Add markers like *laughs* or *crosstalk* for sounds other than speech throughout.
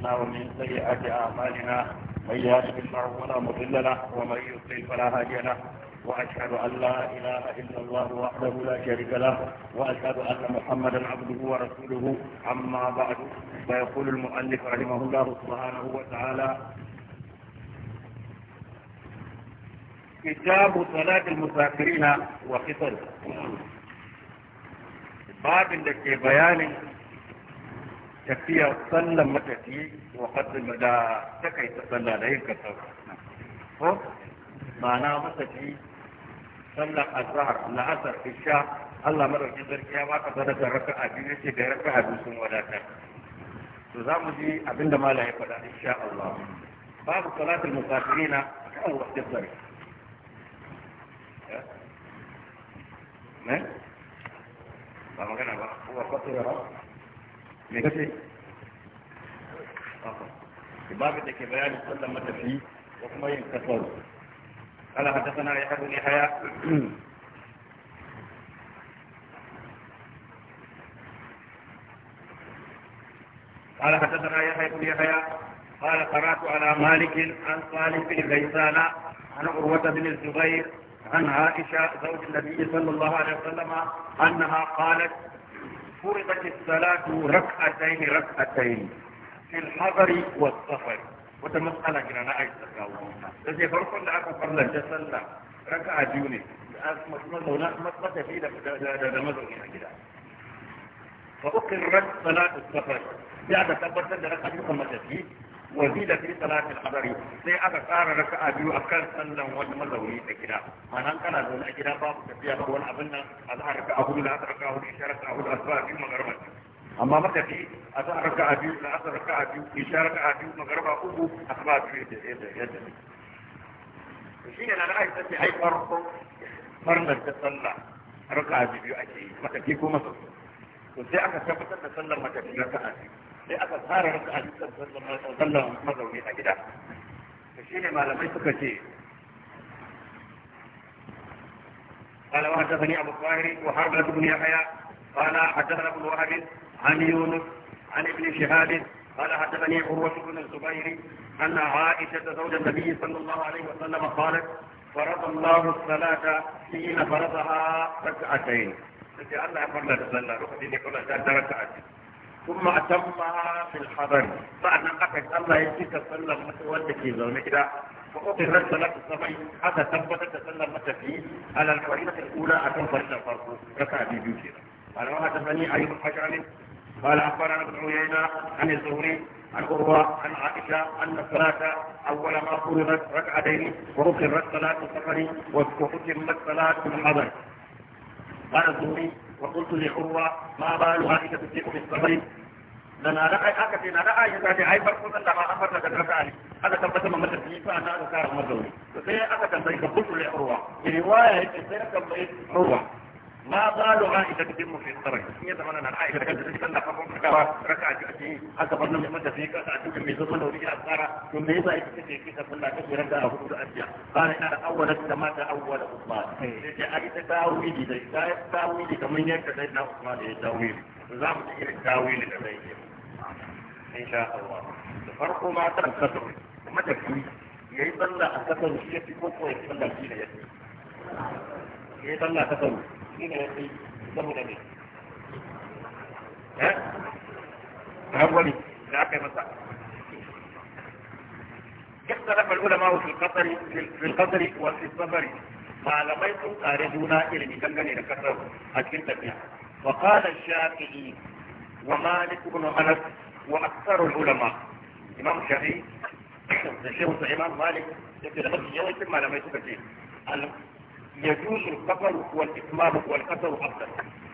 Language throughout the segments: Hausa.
أنفسنا ومن سيئات أعمالنا من يهده الله فلا مضل له ومن يضلل فلا هادي له وأشهد أن لا إله إلا الله وحده لا شريك له وأشهد أن محمدا عبده ورسوله أما بعد فيقول المؤلف رحمه الله سبحانه وتعالى كتاب صلاة المسافرين وقصر باب لكي بيان tafiya sallan matafi wa qaddama da ta ta sallah da yin kasar ko ma'ana matafi sallar azhar la'asar isha Allah madaukin sarki ya baka sadaka a biyu yace da raka'a biyu sun wadatar to za mu ji abinda mala ya faɗa insha Allah babu salatul musafirina kan waqtin sarki ne eh? eh? ba magana ba ko ba ko ba me kace باب da بيان bayanin sallan matafi da قال حدثنا يحيى بن يحيى قال حدثنا يحيى بن يحيى قال قرات على مالك عن صالح بن غيسان عن عروه بن الزبير عن عائشه زوج النبي صلى الله عليه وسلم انها قالت فرضت الصلاه ركعتين ركعتين في الحضر والصفر وتمثل جنانا أي تقاوة لذي فرقنا أكا فرلا جسلا ركع ديوني مثلا مثلا في لك هذا مثلا هنا كده فأقرت صلاة السفر بعد ثبت أن ركع ديوك المتفي وزيد في صلاة الحضر سي أكا صار ركع ديو أكار صلا ومثلا هنا كده أنا كان أقول أجراء باب تفيا بقول أبنى أظهر ركعه لا تركعه لإشارة أهود أسواء في المغربة amma maka ce a sa raka a biyu na asa raka a biyu isha raka a biyu magarba uku a saba a biyu yadda yadda shi ne na da aisha ce ai farko farnar ta sallah raka a biyu ake yi maka ce ko masa to sai aka tabbatar da sallar maka ce raka a biyu sai aka tsara raka a biyu sallar mazauni a gida to shi ne malamai suka ce قال وحدثني ابو الطاهر وحرب بن يحيى قال حدثنا ابن وهب عن يونس عن ابن شهاب قال حدثني عروة بن الزبير أن عائشة زوج النبي صلى الله عليه وسلم قالت فرض الله الصلاة حين فرضها ركعتين التي الله فرنا ركعتين يقول ركعتين ثم أتمها في الحضر بعد أن أكد الله يجيك صلى وأنت في ظلم كده فأقر صلاة الصبي حتى ثبت تسلم فيه على الفريضة الأولى أتم فرضها الفرق ركعتين كده قال وحدثني أيوب حجر قال اخبرنا ابن عيينة عن الزهري عن عروة عن عائشة أن الصلاة أول ما فرضت ركعتين وأخرت صلاة السفر وأتمت صلاة الحضر. قال الزهري وقلت لعروة ما بال عائشة تصدق في السفر لنا لا أكثر آه، لنا لا أكثر لأي فرق لنا ما أفرت لك ركعتين هذا تبقى ما مدت فيه فأنا أكثر مدوني فسيأ أكثر لأي فرق لعروة في رواية سيأكثر لعروة ما قالوا ما إذا تتم في الطرق الصرع يتمنى أن عائشة تكون تتكلم فقط فكرة ركعة جهتي فضل من يمد فيك قطعة من ذكر ولي أسارة ثم يبا يتكلم في قطعة كلها كثيرا دار أبوه أرجع قال إن أول السماء أول أصمان لجعل تاويلي زي تاويلي كمن يكتب سيدنا أصمان تاويل نظام التاويل الذي إن شاء الله فرق ما تنكسر متى كوي يبلغ أكثر الشيء كوكو يبلغ فينا يبلغ يبلغ أكثر الذين يقولون لي ها اختلف العلماء في القطر في القطر وفي الصبر ما لم يكن الى مكان القطر وقال الشافعي ومالك بن انس واكثر العلماء امام الشافعي *clears throat* الشيخ الامام مالك يقول لك يوم يسمى لما يسمى يجوز القطر والإتمام والقطر أفضل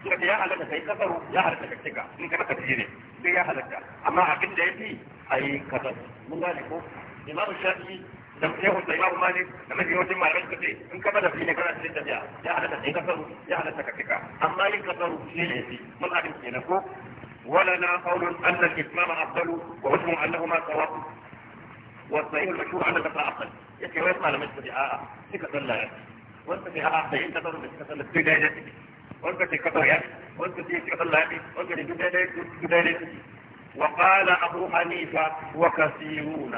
سورة يا هلك كي قطر يا هلك كتكا إن كان كتير يا هلك أما عقل ليتي أي قطر من ذلك إمام الشافعي لم ya الامام مالك لم da mafi yawancin ان suka في in ka bada يا kana cikin tafiya يا halatta sai kasaru ya halatta ka kika amma yin ولنا قول أن الإسلام أفضل وحكم أنهما سواء والصحيح المشهور أن القطر أفضل يكفي ويسمع لما يسمع آه لا الله وانت في هذا وانت في كسر وانت في كسر يعني وانت في بداية وقال ابو حنيفة وكثيرون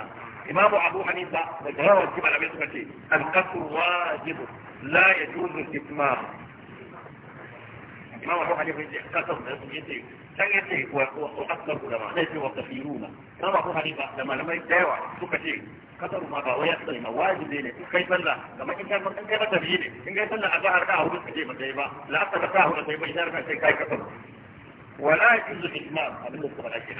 امام ابو حنيفة وجهه الجبل ابي سكتي القصر واجب لا يجوز الاستثمار امام ابو حنيفة قصر dan yace wa akthar ulama sai fi wa kafiruna kan ba hanifa da malamai da yawa suka ce kasar ma ba wai sai ma wajibi ne kai sallah kamar in kai in kai mata biye ne in kai sallah azhar ka hudu kaje ba kai ba la ta ka hudu kai ba idan ka kai kasar ولا يجوز الإمام أبن الصبر أجل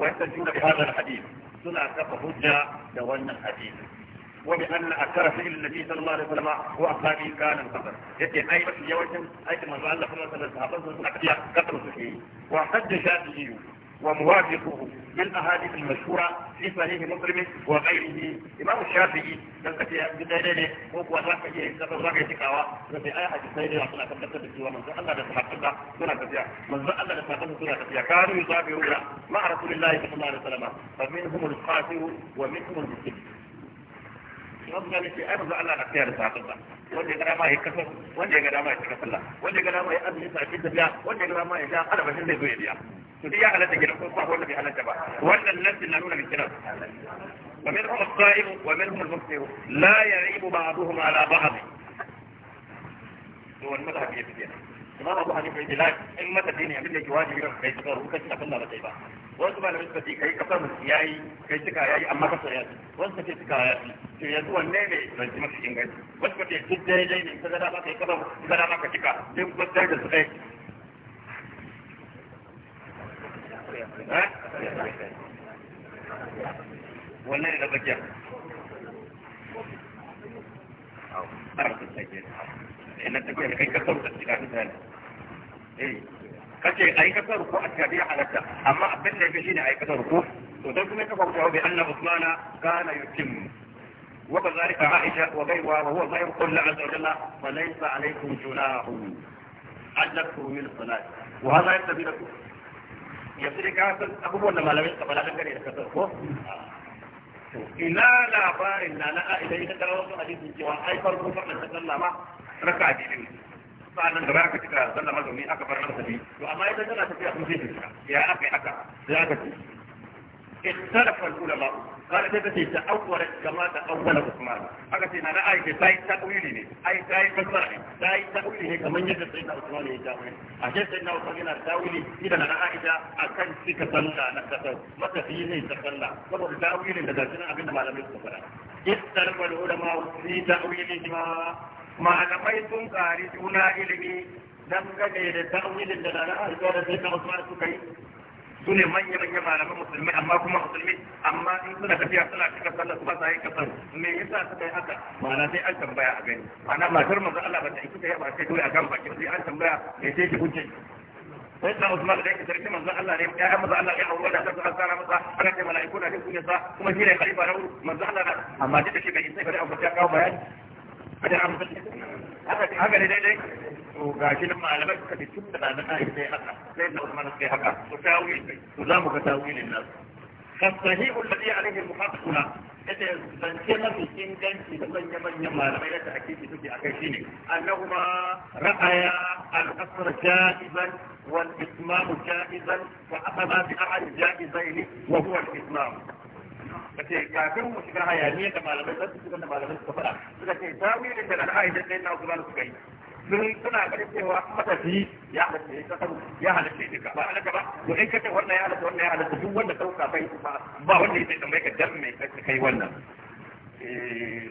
ويستجون بهذا الحديث سنة كف حجة دولنا الحديث وبأن أكثر شيء النبي صلى الله عليه وسلم هو أصحابه كان القدر يتي أي بس يوجد أي كما قال الله صلى الله عليه وسلم قدر سحيه وحج شافعي وموافقه بالأحاديث المشهورة في صحيح مسلم وغيره إمام الشافعي لقد بدليل هو الرافع يكتب الرافع تكاوى في أي حديث سيدنا رسول الله صلى الله عليه وسلم الله يسحق الله سنة تبيع من ذا الله يسحق الله سنة تبيع كانوا يضابرون مع رسول الله صلى الله عليه وسلم فمنهم القاتل ومنهم المسلم wanda ne ai manzo Allah na tsaya da sahabbansa wanda ya ga dama ya kasar wanda ya ga dama ya cika sallah wanda ya ga dama ya azumi sa cikin tafiya wanda ya ga dama ya ga alabashin zai zo ya biya to duk ya halatta gidan ko ba wanda bai halatta ba wannan nassin na nuna kiran ومنهم الصائم ومنهم المفطر لا يعيب بعضهم على بعض هو المذهب يبتدئ imam abu hanifa yake la in mata dini abin da yake wajibi kan kai tsaro kan shi abin da ba kai ba wasu ba da suka kai kasar mu yayi kai suka yayi amma kasar ya wasu suka suka yayi to yanzu wanne ne ban ji maka inganci wasu suka duk daidai ne kaga da maka kasar kaga da maka cika duk gudar da su kai wannan da bakiya انك تقول لك كيف ترد السلاح ثاني ايه kace aikata ruku a tabi halatta amma abin da yake shine aikata ruku to dan kuma kafa ko bi anna usmana kana yutim wa kadhalika aisha wa baywa wa huwa ghayr qul azza wa jalla fa laysa alaykum junahu adlakum min salat wa hadha yatabi lakum yasiri ka san abubuwan da malamai suka fada dangane da kasar ko ina labarin na na aida ita da wasu hadisin cewa ai farko farkon ta sallama raka biyu sa'annan gaba aka cika sallah mazauni aka bar nan sabi to amma idan tana tafiya kun sai ta ya aka yi haka ya aka ci اختلف العلماء قال ده بس تأولت كما تأول عثمان أقول سينا أنا أي تاي تأويلي لي أي تاي فسرعي تاي تأويلي هيك من يجد سيدنا عثمان يتأويل عشان سيدنا عثمان ينا تأويلي إذا أنا أي تا أكن في كسلنا نكسل ما تفيني تسلنا طب تأويلي لذا سينا أبين ما لم يستفرع اختلف العلماء في تأويلهما malamai sun ƙari juna ilimi dangane da ta'awilin da na harkar da sai ta Usman suka yi su ne manya manya malamai musulmi amma kuma musulmi amma in suna tafiya suna cika sallar kuma sa yi kasar me yasa suka yi haka ma'ana sai an tambaya a gani ana matar manzo Allah ba ta yi suka yaba ba sai dole a kan bakin sai an tambaya me sai ki kunce sai da Usman da yake sarki manzo Allah ne ya manzo Allah ya aure da kansa azara masa ana ce mala'iku na kuma shi ne khalifa na manzo Allah amma duka shi bai sai kawo bayani haka ne daidai to ga shi nan malamai suka ce tun da ba na yi sai haka sai da Usman sai haka to tawili to za mu ga tawilin nan kasahihu alladhi alayhi al-muhaddithuna ita zance mafi inganci da manya manyan malamai da hakiki suke akai shine annahuma ra'aya al-asr jaizan wal ismam jaizan fa akhadha bi ahad jaizaini wa huwa al-ismam ka ce kafin mu shiga hayaniyar da malamai sun shiga da malamai suka fara suka ce tawilin da na aisha da na kuma suka yi sun suna ganin cewa matafi ya halatta ya kasar ya halatta ya duka ba to in wannan ya halatta wannan ya halatta duk wanda ka dauka ba wanda ya tambaye ka dan me kai wannan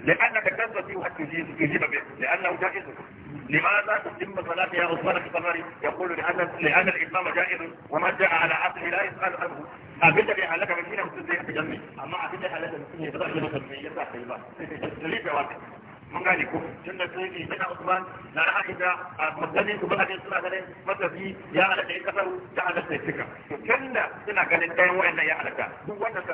لأنك تستطيع أن تجيب به لأنه جائز لماذا تتم صلاة يا عثمان الخطبري يقول لأن لأن الإمام جائز ومن جاء على عقله لا يسأل عنه أبدا اللي لك من فينا مسلم في جنبي أما أبدا لك من فينا يبدأ من المسلمين يبدأ في الله ليس واحد mun gane ko tun da sai ne na Usman na Aisha a mutane su ba da suna ganin matafi ya alaka ya kasar da alaka ya cika tun da suna ganin ɗayan wayannan ya alaka duk wannan ka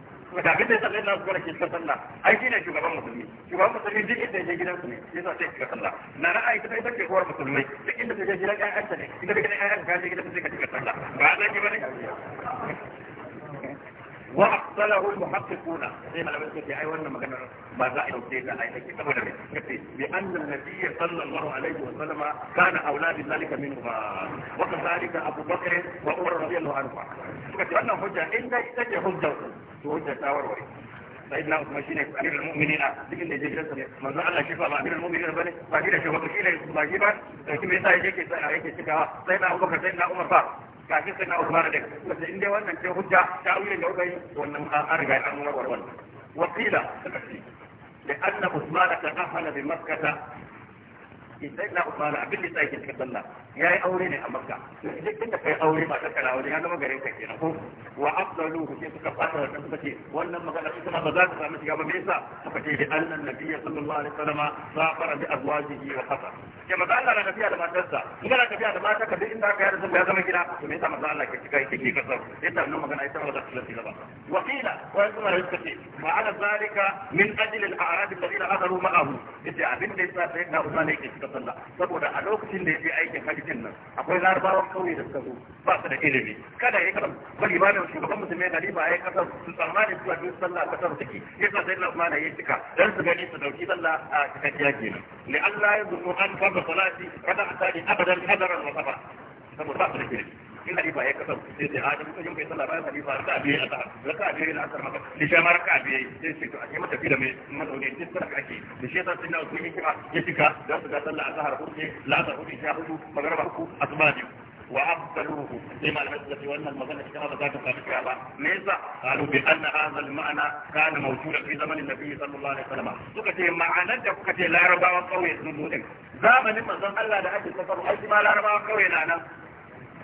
da da yasa sai na zuwa ke cikin sallah ai shine shugaban musulmi shugaban musulmi duk inda yake gidansu ne yasa sai cikin sallah na na ai sai take uwar musulmai duk inda take gidan ƴaƴanta ne inda take ƴaƴanta ka je gidan sai ka cikin sallah ba za ki bane واقتله المحققون زي ما لو قلت اي wannan magana ba za a dauke ta a yake saboda me kace bi anna nabiy sallallahu alaihi wa sallam kana aulad zalika min ba wa kadhalika abu bakr wa umar radiyallahu anhu kace wannan hujja in dai take hujja to hujja ta warware سيدنا عثمان شيء امير المؤمنين لكن اللي جيت لسه ما زال الله شفاء امير المؤمنين بني ما جيت شفاء شيء لا يجيبها لكن بيتا يجيك يجيك سيدنا ابو بكر سيدنا عمر فاروق kafin sai na Usman da wanda inda wannan ce hujja ta wuce da ubai wannan an riga an warware wannan wakila suka da anna Usman ta kafala bi Makkah sai na Usman abin da yasa yake cikin sallah yayi aure ne a Makka duk inda kai aure ba ta kana wani ya zama garin ka kenan ko wa afdaluhu sai suka fata wannan suka ce wannan magana ita ba za ta samu shiga ba me yasa suka ce bi anna nabiyyi sallallahu alaihi wasallam safara bi azwajihi wa qata ke maza Allah na tafiya da matarsa in kana tafiya da mata ka duk inda ka yarda sun ya zama gida to me yasa maza Allah ke cika yake kika sau yadda wannan magana ita ba za ta shiga ba wakila wa kuma suka ce ma'ana zalika min ajli al-a'rab alladhina hadaru ma'ahu yace abin da yasa Usman yake sallah saboda a lokacin da ya je aikin hajjin nan akwai larabawan kauye da suka zo ba su da ilimi kada ya karam ba limanin shugaban musulmai galiba ya kasar su tsammanin cewa duk sallah kasar take yasa sai Usman ya cika dan su gani su dauki sallah a cikakkiya kenan li Allah ya zunnu an fara salati kada a tsari abadan hadaran wa saboda ba su da ilimi in halifa ya kasar sai sai adam ka yanka sallah bayan halifa raka biye a sahar raka biye na asar maka ni sai ma raka biye sai sai a yamma tafi da mai ne sai ake da shi yasa sunna usman yake ya cika su ga sallah hudu hudu sha hudu hudu asuba biyu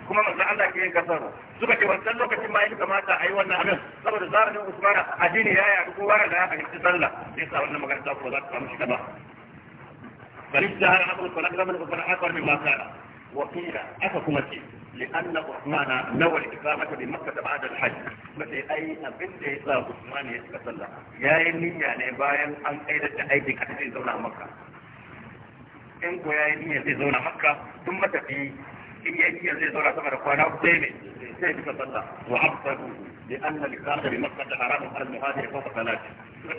kuma manzo Allah ke yin kasar suka ce wannan lokacin ma yin kamata a yi wannan abin saboda zamanin Usmana addini ya yaɗu kowa da ya fahimci sallah sai sa wannan magana ta ko za ta samu shi gaba bal istahara amru fa lakram min usman akbar mimma kana wa qila aka kuma ce لأن عثمان نوى الإقامة بمكة بعد الحج مثل أي أبن يسا عثمان يتكسل يا يمين يعني باين أن أيضا أيدي كتير زونا مكة in ko yayi niyyar zai zauna makka tun matafi in yanki zai zauna sama da kwana uku ne sai suka sallah wa li anna makkah haramun al muhajir fa suka ce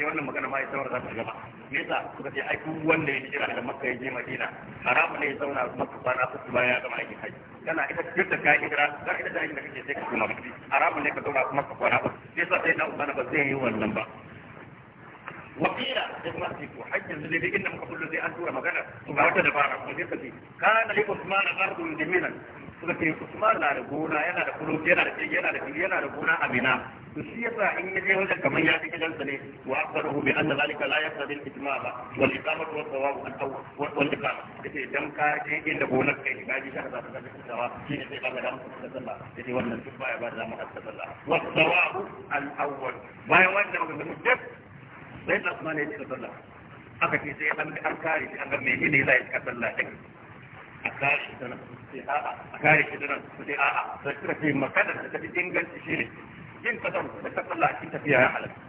wannan magana ma ya ta gaba me yasa suka ce ai duk wanda ya jira daga makka ya je madina haramun ne ya zauna makka kwana uku bayan ya gama aikin haji kana ita duk da ka hijira ita da kake sai ka haramun ne ka zauna kwana uku sai na ba zai yi wannan ba wakila da kuma su ko hajjin zai dai inda muka kullu sai an tura magana su ba wata dabara ko dai kace kana li usman ardun jamilan suka ce usman na da gona yana da kulo yana da yana da yana da gona a bina to shi yasa in ya je wajen kamar ya fi gidansa ne wa akbaruhu bi anna zalika la yaqtadi al-itmam wal iqamatu wa thawab al-awwal wal iqam kace dan ka je inda gonar kai ka ji ka za ka ga cewa shi ne sai da mutum da sallah kace wannan duk baya ba da mu sallah wa thawab al-awwal bayan wannan magana duk sai da kuma ne sallah aka ce sai an kare an ga me ne zai ka sallah din a kare dana sai a a kare shi dana sai sai da ta inganci shi ne yin kasar da ta sallah cikin tafiya ya halatta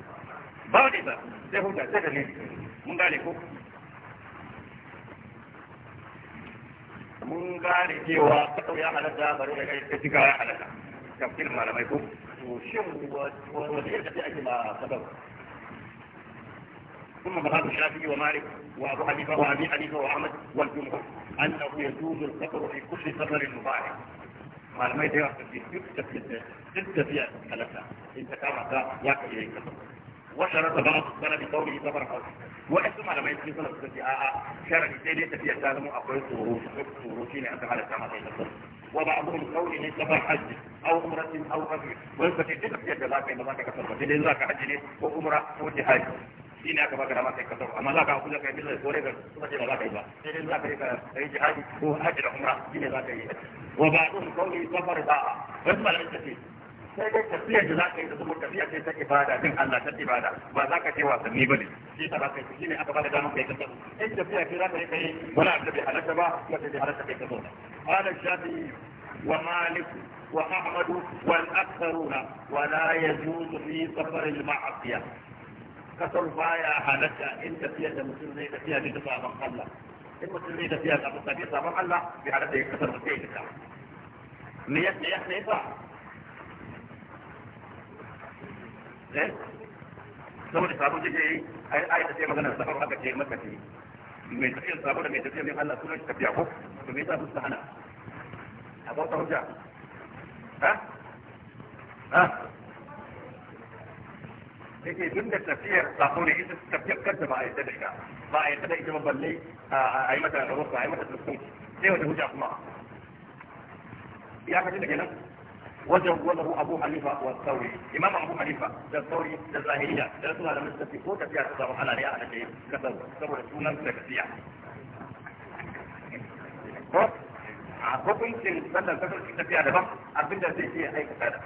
ba wani ba sai huta sai da ne mun gane ko mun gane cewa kasau ya halatta bari da kai cika ya halatta tafsir malamai ko to shin wani yadda sai ake ma kasau ثم مذهب الشافعي ومالك وابو حنيفه وابي حنيفه واحمد والجمهور انه يجوز القطر في كل سفر مبارك malamai da yawa suke duk tafiya halatta in ta kama ta ya kai yayin kasar وشرط بعض السلف قوله سفر حوله واسم على ما يسمي سلف سلف آآ شرط سيدي تفيا سالم أقوي سوروشين أنت على السماء وبعضهم قوله سفر حج أو عمرة أو غزو ويفتح جدا في الجزاء كما ذاك كسر فإذا ذاك حج أو عمرة أو جهاز shi ne aka baka dama kai kasar amma za ka hakuri kai bisa kore ga kuma ce ba za ka yi ba sai dai za ka yi ka yi jihadi ko hajji da umra shi ne za ka yi wa ba'dun qawli safar da'a wasu malamai suka ce sai dai tafiyar da za ka yi da zuwa tafiya ce ta ibada din Allah ta ibada ba za ka ce wasanni ba ne shi ta ba ka yi ne aka ba da damar kai ta zo in tafiya ce za ka yi kai wani abu da bai halatta ba wanda bai halatta kai ta zo qala shafi'i wa malik wa ahmad wal aktharuna wa la yajuzu fi safar al ma'asiya kasar baya halatta in tafiya da mutum zai tafiya da sabon Allah in mutum zai tafiya da sabon Allah bai halatta ya kasar sai ya ta ne ya ne ya fa eh saboda yi magana haka ce maka ce mai tafiyar da mai tafiyar Allah tafiya ko to a hujja ha ha da tafiyar ita tafiyar kanta ba a ba a ita balle a yi mata rufa a yi mata sai wata hujja kuma ya da kenan وجوده أبو حنيفة والثوري إمام أبو حنيفة ده الثوري ده الظاهرية ده سنة لم يستفقوا كثيرا تظهر على رياء على شيء كثيرا تظهر سنة كثيرا hukuncin wannan kasar ta tafiya daban abinda zai iya aikata da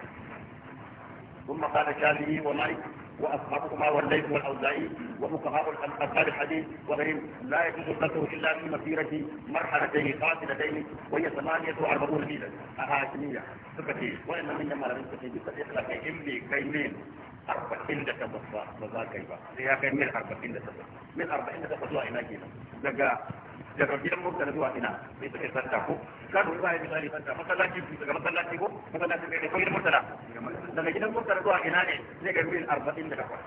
ثم قال كاذبي ومائك واصحابكما والليث والاوزاعي وفقهاء الامثال الحديث وغيرهم لا يجوز قتله الا في مسيره مرحلتين قاتلتين وهي ثمانيه واربعون ميلا هاشميه سبتي وان من ما لم تكن بصديق لك امي كيمين أربعين دقة بصفا بصفا كيفا هي كيمين أربعين دقة من أربعين دقة بصفا إلى كيمين daga gidan mota zuwa ina sai suka ko kan ruwa ya misali masallaci su daga masallaci ko masallaci ko gidan mota daga gidan mota zuwa ina ne zai ga ruwan 40 da kwas.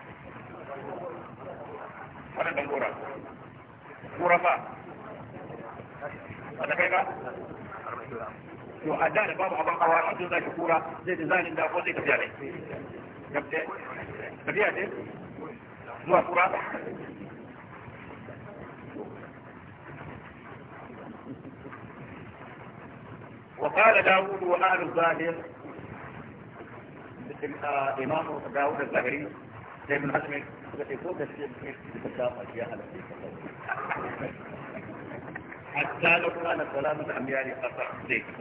wannan dan gora gora fa ka to a da babu abin hawa a zo zaki kura zai da zanin da ko zai tafiya ne tafiya ne zuwa kura وقال داود وآل الظاهر آه، إمام داود الزهري ابن حزم يقول حتى لو كان سلامة أميالي قطع ذكر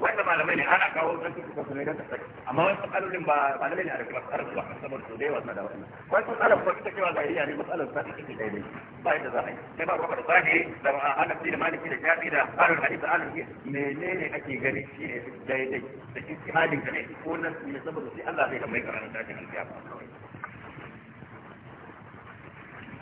wanda malamai ne ana kawo wajen cikin su ne don ta saki amma wani matsalolin ba malamai ne a daga masarar su a saman su da yawa suna da wani wani matsalar kuma ita cewa zahiriya ne matsalar sa ita ce daidai ba yadda za a yi sai ba kuma da zahiri da hanafi da maliki da shafi da harin hadisi alin ke menene ake gani shi ne daidai da ijtihadin ka ne ko nan ne saboda sai Allah zai kamar karanta da alƙiyama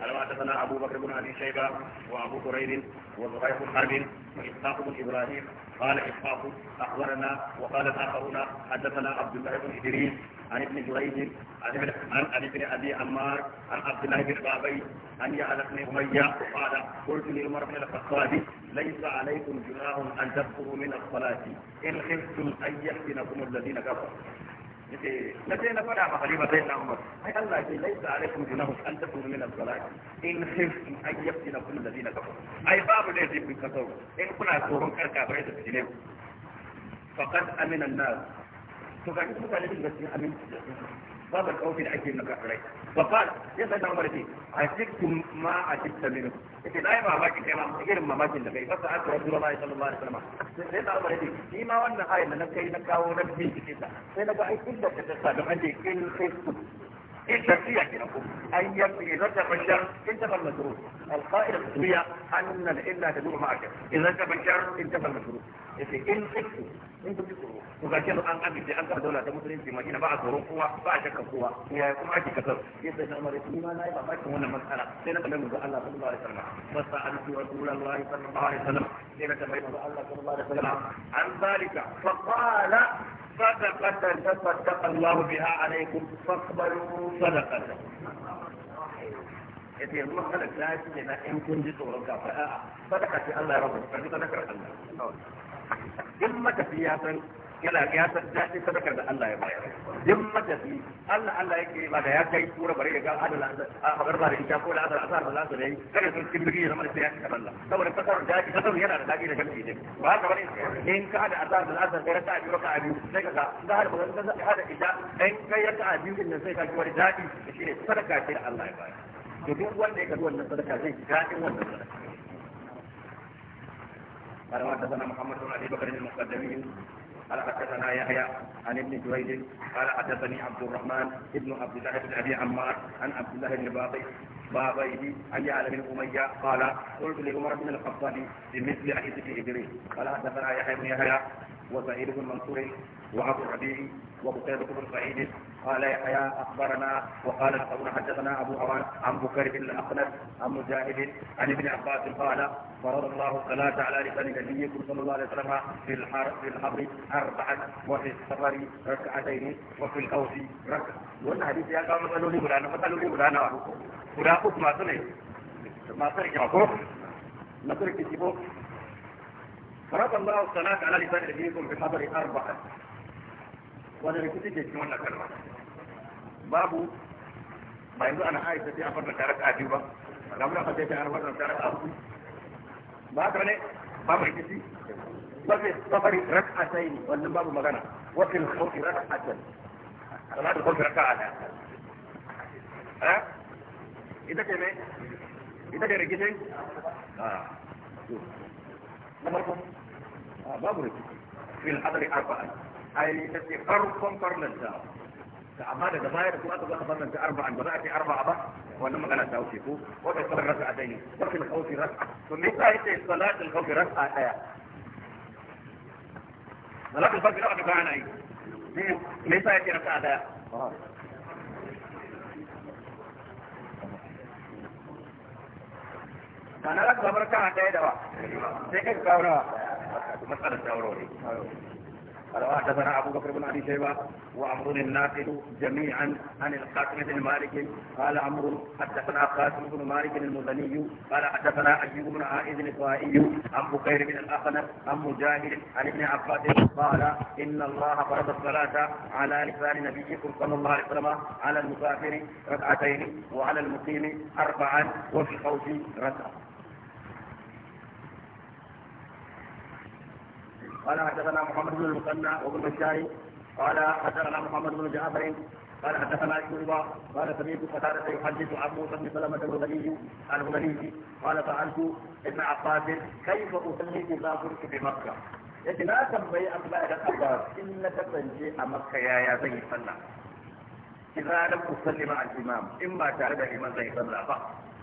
قال حدثنا ابو بكر بن ابي شيبه وابو كريب وزهير بن حرب وإسحاق بن إبراهيم قال إسحاق أخبرنا وقال الآخرون حدثنا عبد الله بن إدريس عن ابن جريج عن عن ابن أبي عمار عن عبد الله بن بابي عن يعلى بن أمية قال قلت لعمر بن الخطاب ليس عليكم جناح أن تدخلوا من الصلاة إن خفتم أن يحسنكم الذين كفروا Eh, na sai na fada ma halima sai na umar ai Allah ke laisa alaikum junahu an takunu min as-salat in khiftum an yaftina alladhina kafaru ai babu da zai kuka in kuna tsoron karka bai da fitine faqad amina an-nas to ga mutane da su amin babu kaufi da ake na kafirai babbar ya sanya umar ce a cikin ma a cikin tamir yake da ya ba baki kai ma irin mamakin da kai fasa a cikin rasuwa mai sallama da sallama sai da umar ce shi ma wannan hayan da na kai na kawo na bi cikin sa sai na ga ai inda ka ta sa da manje kai siya kira ku ai ya fi ne zata bashar in ta bar masuru alƙa'ida su biya annan illa ta duba ma'akar in zata bashar in ta bar masuru yace in sikku in ku tsoro to ga kin an amince an kafa daula ta musulunci madina ba a tsoron kowa ba a shakka kowa ya kuma ake kasar yace na umar ni ma nayi babakin wannan matsala sai na kallon Allah sallallahu alaihi wasallam wasa an ji rasulullahi sallallahu alaihi wasallam sai na tambayi Allah sallallahu alaihi wasallam an zalika fa qala صدقة تصدق الله بها عليكم فاقبلوا صدقة yace yanzu ma kada ta ce na in kun ji tsoron ka faɗa sadaka ce Allah ya rabu ka ji sadakar Allah in matafi ya san yana ya san daɗi sadakar da Allah ya bayar in matafi Allah Allah yake ba da ya kai kura bare ya ga adala a habar ba da ita ko da azar azar ba za su yi kada sun kibiri zama da ya ci Allah saboda kasar da daɗi kasar yana da daɗi da kalbi ne ba haka bane in ka da azar da azar kai raka'a biyu raka'a biyu sai ka ga da har bazan ka hada ita in kai raka'a biyu din sai ka ji wani daɗi ne sadaka ce da Allah ya bayar to duk wanda ya ga wannan sadaka zai ji daɗin wannan sadaka قال حدثنا محمد بن ابي بكر المقدمي قال حدثنا يحيى عن ابن جريج قال حدثني عبد الرحمن ابن عبد الله بن ابي عمار عن عبد الله بن باقي بابيه عن يعلم بن أمية قال قلت لعمر بن الخطاب بمثل حديث إدريس قال حدثنا يحيى بن يحيى وسعيد بن منصور وعبد الربيع وقتيبة بن سعيد قال يحيى اخبرنا وقال الحسن حدثنا ابو عوان عن بكر بن الاخنس عن مجاهد عن ابن عباس قال فرض الله الصلاة على لسان نبيكم صلى الله عليه وسلم في الحر في الحر اربعا وفي السفر ركعتين وفي الاوس ركعة وانا حديث يا قوم قالوا لي ولا قالوا لي ولا انا ولا قلت ما سنه ما سنه ما سنه فرض الله الصلاة على لسان نبيكم في الحر اربعا wani rikici ke cikin wannan kalma babu ba yanzu ana aisha sai a farnar tare a biyu ba ga muna fata ta an farna tare ka biyu ba haka ne babu rikici وفي الصبر ركعتين وانما باب مغنى وفي الخوف ركعة صلاة أي التي قرقم قرلتها فأعمال الضبائر فأطبق أخبرنا أنت أربع عن ضبائر في أربع أبا وأنما أنا سأوصفه وأطبق الرسع عديني وفي الخوف رسع فمن ذلك الصلاة الخوف رسع آية صلاة الخوف رسع آية من ذلك رسع آية أنا لك بمركة عن ذلك دواء سيكت كورا مسألة دوروني قال وحدثنا ابو بكر بن ابي شيبه وعمر الناقد جميعا عن القاسم بن مالك قال عمر حدثنا قاسم بن مالك المدني قال حدثنا ايوب بن عائد الطائي عن بكير بن الاخنس عن مجاهد عن ابن عباس قال ان الله فرض الصلاه على لسان نبيكم صلى الله عليه وسلم على المسافر ركعتين وعلى المقيم اربعا وفي الخوف ركعه قال حدثنا محمد بن المثنى وابن الشاهي قال حدثنا محمد بن جعفر قال حدثنا شعبة قال سمعت قتادة يحدث عن موسى بن سلمة الهذلي الهذلي قال سألت ابن عباس كيف أصلي إذا كنت بمكة؟ yake na tambayi Allah da Allah in na kasance a Makka yaya zan yi sallah idza lam usallima al-imam in ba tare da imam zai sallah ba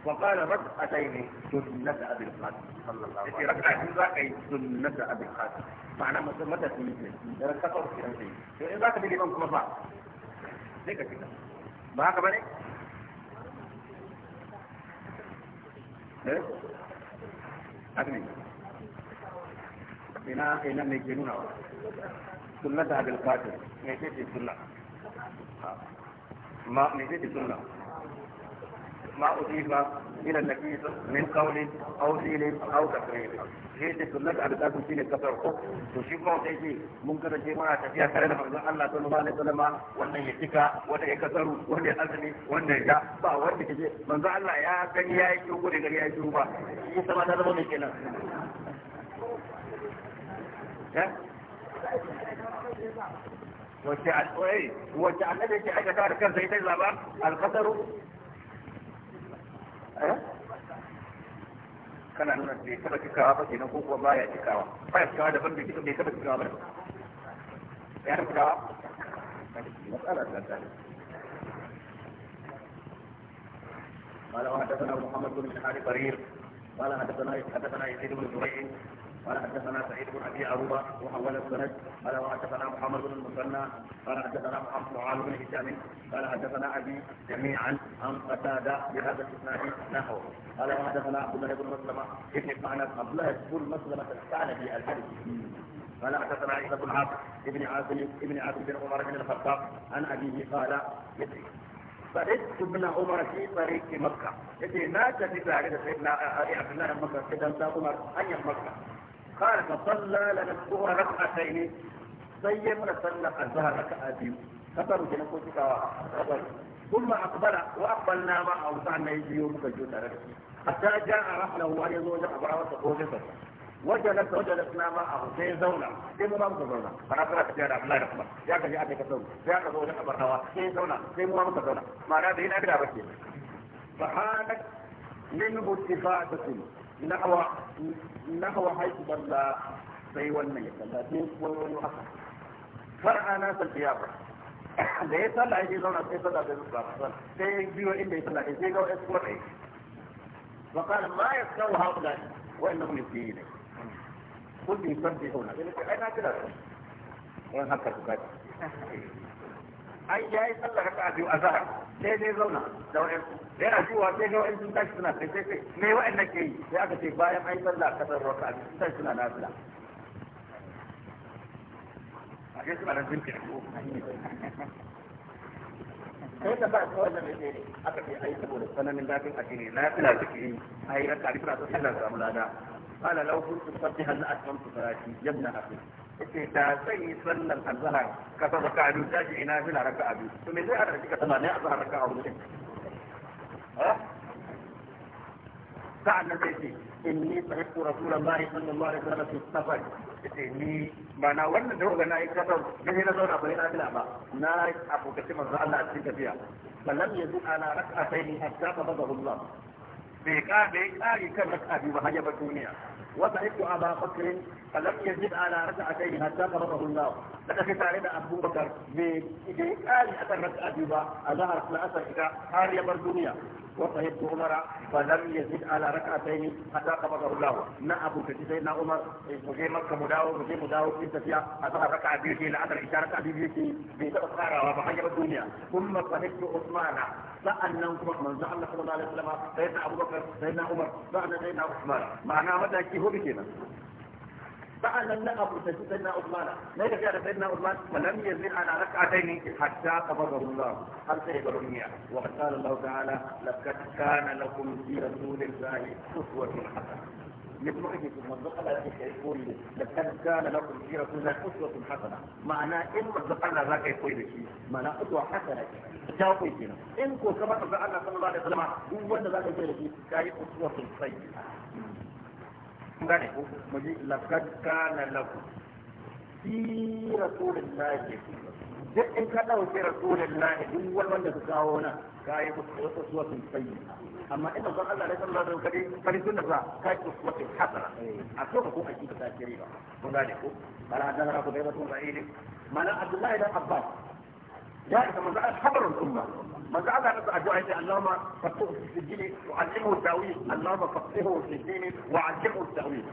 فقال ركعتين سنة أبي القاسم صلى الله عليه وسلم ركعتين ركعتين سنة أبي القاسم معنى متى سنة ركعتين ركعتين إن ذاك ركعتين كما فعل ليك كده ما هكذا بني ركعتين ina ina mai ركعتين سنة أبي القاسم ركعتين qadir mai ce ركعتين ma mai ce ركعتين ما أضيف إلى النبي من قول أو دين أو تقرير هي دي سنة أبي تاكل سيني كفر خب تشيب ما تيجي ممكن الجماعة تفيها كرنا فرزا الله صلى الله عليه وسلم وانا يتكى وانا يكسر وانا يأذني وانا يجا با وانا تجي من ذا الله يا كان يا يشوف ودي كان يا يشوف با يسمى هذا ما مكينا ها وجعل ايه وجعل الذي حاجه تعرف كم زي تزلى بقى القدر Eh? kana nuna bai taba cikawa ba kenan ko kuma baya cikawa baya cikawa daban bai taba bai taba cikawa ba ya taba cikawa matsala ta tsari قال وحدثنا محمد بن حارث برير قال حدثنا حدثنا يزيد بن زريع قال حدثنا سعيد بن ابي عروبه وحول السند قال وحدثنا محمد بن المثنى قال حدثنا معاذ بن هشام قال حدثنا ابي جميعا عن قتاده بهذا الاسناد نحوه قال وحدثنا عبد الله بن مسلمه ابن معنى عبد الله بن مسلمه الثعلبي الحديث قال حدثنا عيسى بن عاصم ابن عاصم ابن عاصم بن عمر بن الخطاب عن ابيه قال فردت ابن عمر في طريق مكه يعني ما تدري بعد سيدنا آه، آه، عبد الله بن مكه انت عمر اي مكه قال فصلى لنا الظهر ركعتين سيما صلى الظهر ركعتين خطر جنكو تكا ثم أقبل وأقبلنا معه وصعنا يوم كجوت حتى جاء رحله أن زوجة أبعه وتقوزته وجلس وجلسنا معه في زونا في مرام زونا فنقرأ تجارة لا رحمة يا كجي أبي كسوم يا زوجة أبعه في زونا في مرام زونا ما هنا نقرأ بكي فحانت منه اتفاقة nahawa haiku balla sai wannan ya salla sai wani wani haka far'a na san tiyaba da ya salla yake zauna sai salla da zuwa sai biyo inda ya salla sai ga wasu kuma ɗaya wa kana ma ya sau haƙula wa'annan ne ke yi ne kullum san bai hauna sai ai na kira su wani haka su gaji ai ya yi sallah raka'a biyu a zahar sai dai zauna da wa'ansu yana cewa sai ga wa'in tashi suna kai sai kai me wa'annan ke yi sai aka ce bayan an yi sallah kasar raka a cikin tashi suna nafila a kai suna nan sun ce sai da ba ta wannan ne aka ce ai saboda sananin dafin a cikin nafila suke yi ai raka a suna sallah samu lada قال لو كنت صبحا لاتممت صلاتي يا ابن اخي yace da zan yi sallan azhar ka saba ka abin ina bila raka'a biyu to me zai hada kika tana ne azhar raka'a biyu sa'an nan sai ce inni sahihu rasulullahi sallallahu alaihi wasallam fi safar ce ni na wannan da na yi kasar da ne na zauna bai na ba na abokaci manzo Allah a cikin tafiya falam yazu ala rak'atayn hatta qabadahu Allah bai ka bai kare kan rak'a biyu ba hanya ba duniya وسعدت أبا بكر فلم يزد على ركعتين حتى قبضه الله لقد تعرض أبو بكر بإجراء آل أثر ركعة جبا أظهر ita har ya هاري duniya. وصحبت عمر فلم يزد على ركعتين حتى قبضه الله نا ابو كتي سيدنا عمر مجي مكه مداو مجي مداو في تفيا اظهر ركعه بيو في العصر اشاره بيو في بيتقرا وبحاجه الدنيا ثم صحبت عثمان sa'annan kuma manzo Allah sallallahu alaihi wasallam sai na Abu Bakar sai na Umar sa'annan sai na Uthman ma'ana madaki hobi kenan فعلا لقب سيدنا عثمان ما يرجع لسيدنا عثمان فلم يزل على ركعتين حتى قبضه الله هل سيد الدنيا وقد قال الله تعالى لقد كان لكم في رسول الله اسوه حسنه يطلقه في المنطقة التي يقول لقد كان لكم في رسول الله أسوة حسنة معناه إن مصدقنا ذاك يقول لك معناه أسوة حسنة جاوبي كنا إن كنت كما تفعلنا صلى الله عليه وسلم هو ذاك يقول لك كاي أسوة سيئة gane mu ji laqad kana lakum fi duk in ka duk kawo nan suwa sun amma idan ban Allah ne sallallahu alaihi wasallam kare hasara a so ka ka ta ba mun gane ko da ra da mana Abdullahi dan Abbas جائزة مزعلة خبر الأمة مزعلة أجوائي اللهم فقهه في الدين وعلمه التأويل اللهم فقهه في الدين وعلمه التأويل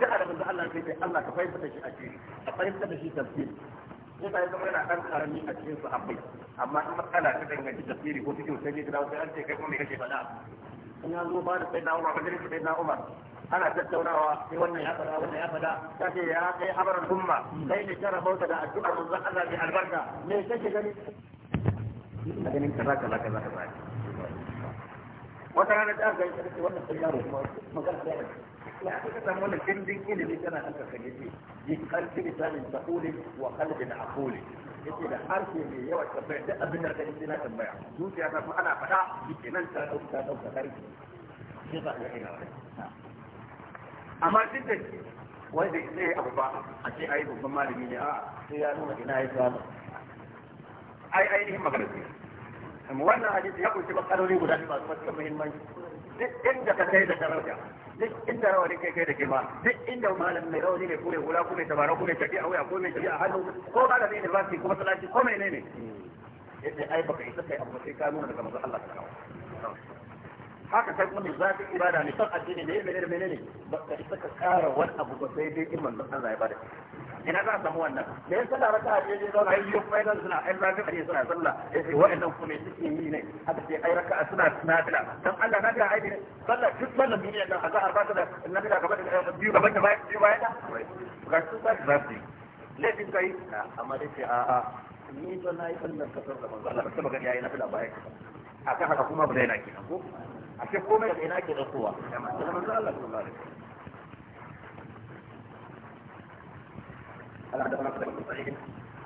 جعل من ذلك أن الله كفاية بشيء أجير كفاية بشيء تبكير إذا يزمنا أن أرمي أجير صحبي أما أمت ألا كفاية بشيء تبكير يقول لك سيدي كلا وسيدي كيف من يجب أن أعلم إن الله بارك بيننا عمر مجرد بيننا عمر أنا تستونا ويوني أفدا ويوني أفدا تأتي يا أخي حبر الأمة بين الشرف وتدى الشكر والزحلة في البركة من تشكني لكن انت راك لك لك لك وترى نتاخر في وقت السيارة ما كان لا حقيقة من الجن دي كل اللي كان أنت خليتي دي قلب لسان تقول وقلب عقول إذا حرف اللي amma duk da shi wanda zai abu ba a ce ai babban malami ne a sai ya nuna ina ya samu ai ainihin magana amma wannan hadisi ya kunshi bakarori guda biyu masu matuƙar muhimmanci duk inda ka kai da daraja duk inda rawanin kai kai da kima duk inda malam mai rawani ne kure hula kure tabara kure tafi a waya ko mai tafi a hannu ko malami ne ba su kuma masalaci ko mai ne ne yace ai baka isa kai abu sai ka nuna daga manzon Allah ta kawo haka kai kuma za ka ibada ne san addini ne mene ne mene ne ba ka isa ka kara wani abu ba sai dai imman da Allah ya bada ina za a samu wannan me yasa da raka ne ne zauna yi kuma idan suna ai zafi ne suna sallah ya ce wa'annan kuma suke yi ne haka sai ai raka suna nafila dan Allah na ga aidi ne sallah duk wannan duniya dan a za a ba ta da nafila gaba da biyu gaba da biyu bayan da ga su ba zafi din kai amma dai ce a a ni to na yi sallah ka sallah manzo Allah ba ta magana yayi nafila bayan akan haka kuma ba zai na kenan ko a ce komai da ina ke da kowa daga قال حدثنا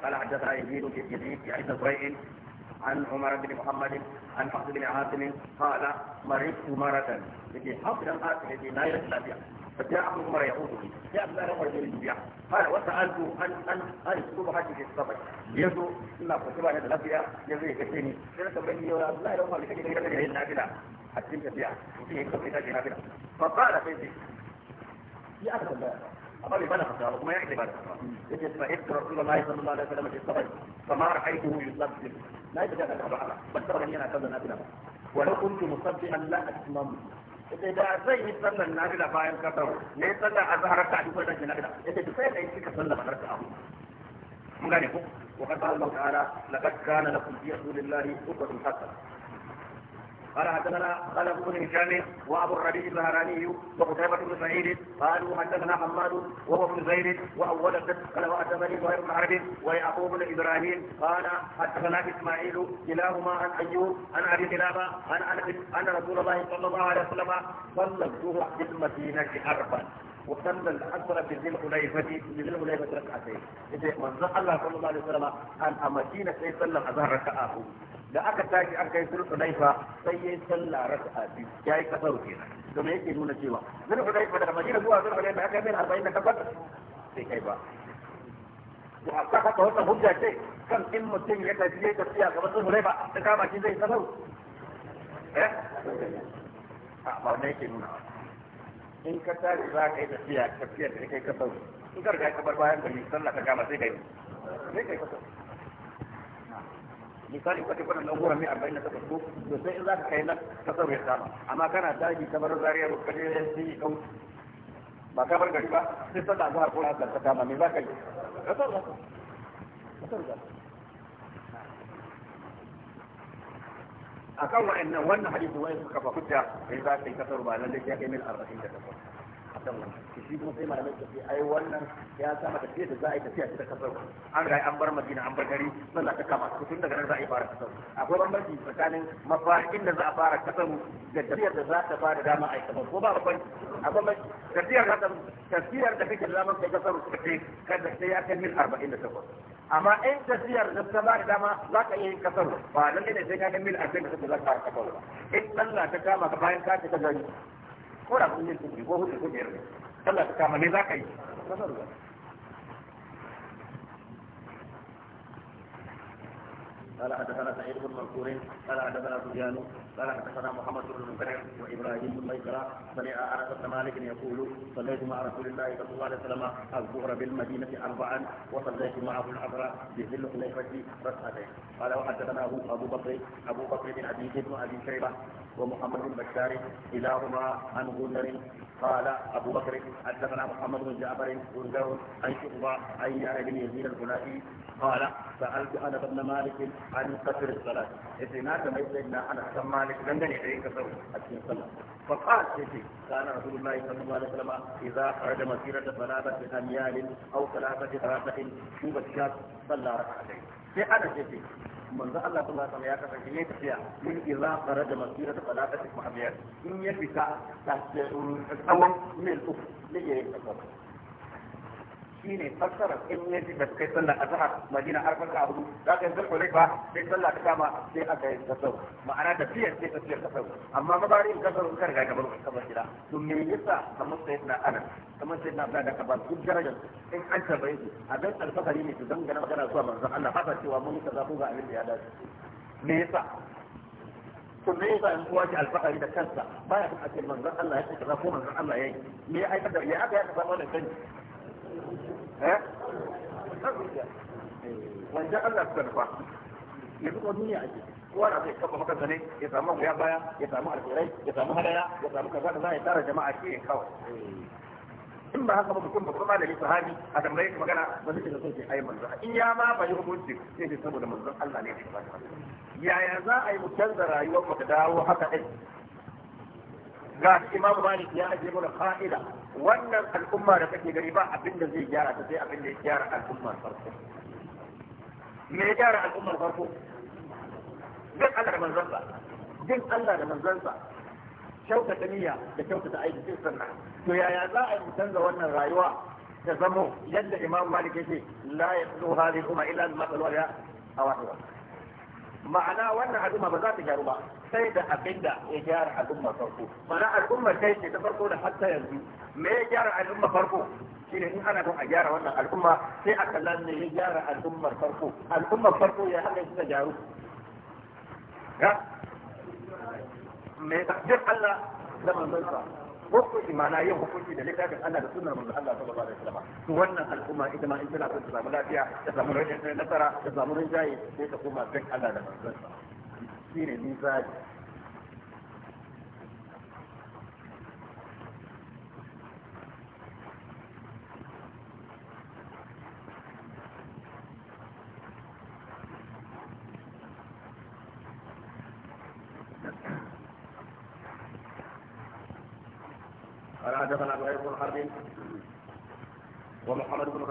قال حدثنا يزيد بن يزيد يعني بن عن عمر بن محمد عن حفص بن عاصم قال مرضت مرة في حفص بن عاصم في نهاية الأبيع فجاء ابن عمر يعودني جاء ابن عمر يعودني قال وسألته أن أن عن صبحة في الصبح يزو إلا فتبع هذا الأبيع يزيد كثيرا فأنا تبني يا ابن عمر لكي يجري النافلة حتى تبيع وفيه يكتب كتاب جنابنا فقال سيدي يا أبدا الله أقول بنا خسارة وما يحكي بنا إذا سمعت رسول الله صلى الله عليه وسلم في الصبر فما رأيته يصدق لا يبدأ أن أتبع الله بس ترى أني أنا أتبع ولو كنت مصدقا لا أتمم إذا زي يتصلى النابلة باين كتر ليه صلى أزهر التعدي فلتك النابلة إذا تفعل أي شيء كصلى بحرك أهو مغاني وقد قال الله تعالى لقد كان لكم في رسول الله أسوة حسنة قال حدثنا خلف بن هشام وابو الربيع البهراني وقتيبة بن سعيد قالوا حدثنا حماد وهو بن زيد واول قال وحدثني زهير بن عرب ويعقوب بن ابراهيم قال حدثنا اسماعيل كلاهما عن ايوب عن ابي كلابة عن انس ان رسول الله صلى الله عليه وسلم صلى الظهر في المدينه اربعا وصلى العصر ذي الحليفة ذي الحليفة ركعتين إذا من الله صلى الله عليه وسلم أن أمتين سيصلى الظهر ركعة da aka tashi an kai sulhu daifa sai yayi sallah raka'a biyu yayi kasar kenan me yake nuna cewa sulhu daifa daga madina zuwa sulhu daifa aka yi da 48 sai kai ba to aka saka ka wata hujja ce kan in mutum ya tafi ya tafiya gaba sulhu daifa da kama shi zai kasar eh a ba ne yake nuna in ka tashi za ka yi tafiya tafiya da kai kasar in ka riga ka bar bayan ka sallah ka kama sai kai sai kai kasar misali kwace kwanan na wuri mai arba'in da takwas ko to sai in za ka kai nan ka sauya sama amma kana daji ta bar zariya ko kaje ya sai yi ba ka bar gari ba sai sallah zuwa ko na ta kama me za ka yi ka sauya ka ka akan wa'annan wannan hadisi wai suka fa kutta sai za ka yi kasar ba lalle ya kai min arba'in da takwas akan wannan shi kuma sai malamai su ce ai wannan a amma in tafiyar da ta ba da dama za ka iya kasar ba ne sai ka kai mil 48 za ka fara kasar in ta kama ka bayan ka ta gari ko da kun yi kuɗi ko hudu kuɗi ne ne za قال حدثنا سعيد بن منصور قال حدثنا سفيان قال حدثنا محمد بن المنكدر وابراهيم بن ميسره سمع انس بن مالك يقول صليت مع رسول الله صلى الله عليه وسلم الظهر بالمدينه اربعا وصليت معه العصر بذي خليفتي ركعتين قال وحدثناه ابو بكر ابو بكر بن ابي بن ابي شيبه ومحمد بن بشار كلاهما عن غندر قال ابو بكر حدثنا محمد بن جعفر غندر عن شعبه عن يعني بن يزيد الخلافي قال سالت أنا بن مالك عن قصر الصلاه اتيناك ما سيدنا أنا بن مالك لندن يحيي كسر الصلاه فقال سيدي كان رسول الله صلى الله عليه وسلم اذا خرج مسيره ثلاثه اميال او ثلاثه ثلاثه شوف الشاب صلى ركعتين في سيدي manzo Allah ta alaihi ya kasance ne tafiya min idza da masira ta fada ta in ya fita ta mm, tsawon mil uku ne ya yi shi ne fassara in ya ji ba kai sallar azhar madina arfa ka abu da ka yanzu ne ba sai sallar ta kama sai aka yi kasau ma'ana da fiye sai tafiyar kasau amma mabarin kasau kan ga gaban kamar gida to me yasa kamar sai na anan kamar sai na da ka ba duk darajar in an tabbai su abin alfahari ne su dangana magana zuwa manzon Allah fa cewa mun kaza ko ga abin da ya dace me yasa to me yasa in kuwa ki alfahari da kansa baya kuma ake manzon Allah ya ce kaza ko manzon Allah ya yi me ya aikata ya aka ya kaza wannan sani wanda eh? Allah suka nufa yanzu kuma duniya ake kowa na zai kafa makansa ne ya samu goya baya ya samu alherai ya samu hadaya ya samu kaza da za a yi tara jama'a shi kawai in ba haka ba mutum babban malami sahabi a tambaye ka magana ba zai da sauke ayi manzo in ya ma ba bai hukunci sai ce saboda manzon Allah ne ya ba yaya za a yi mu canza rayuwar mu ta dawo haka din ga Imam Malik ya ajiye mana fa'ida wannan al'umma da kake gani ba abin da zai gyara ta sai abin da ya gyara al'ummar farko me ya gyara al'ummar farko duk Allah da manzon sa duk Allah da manzon sa manzansa ta niyya da ta aiki cikin sunna to yaya za a yi canza wannan rayuwa ta zamo yadda imam malik yake la yaslu hadhihi al-umma illa al-masal wa la awatiha ma'ana wannan al'umma ba za ta gyaru ba sai da abin da ya gyara al'umma farko mana al'umma sai ce ta farko da hatta yanzu me ya gyara al'umma farko shine in ana don a gyara wannan al'umma sai a kalla ne ya gyara al'ummar farko al'ummar farko ya haka suka gyaru ya me tafsir Allah da manzon sa hukunci ma'ana yin hukunci da littafin Allah da sunnar manzon Allah sallallahu alaihi wasallam to wannan al'umma ita ma in tana son ta samu lafiya ta samu nasara ta samu rinjaye sai ta koma bin Allah da manzon sa shi ne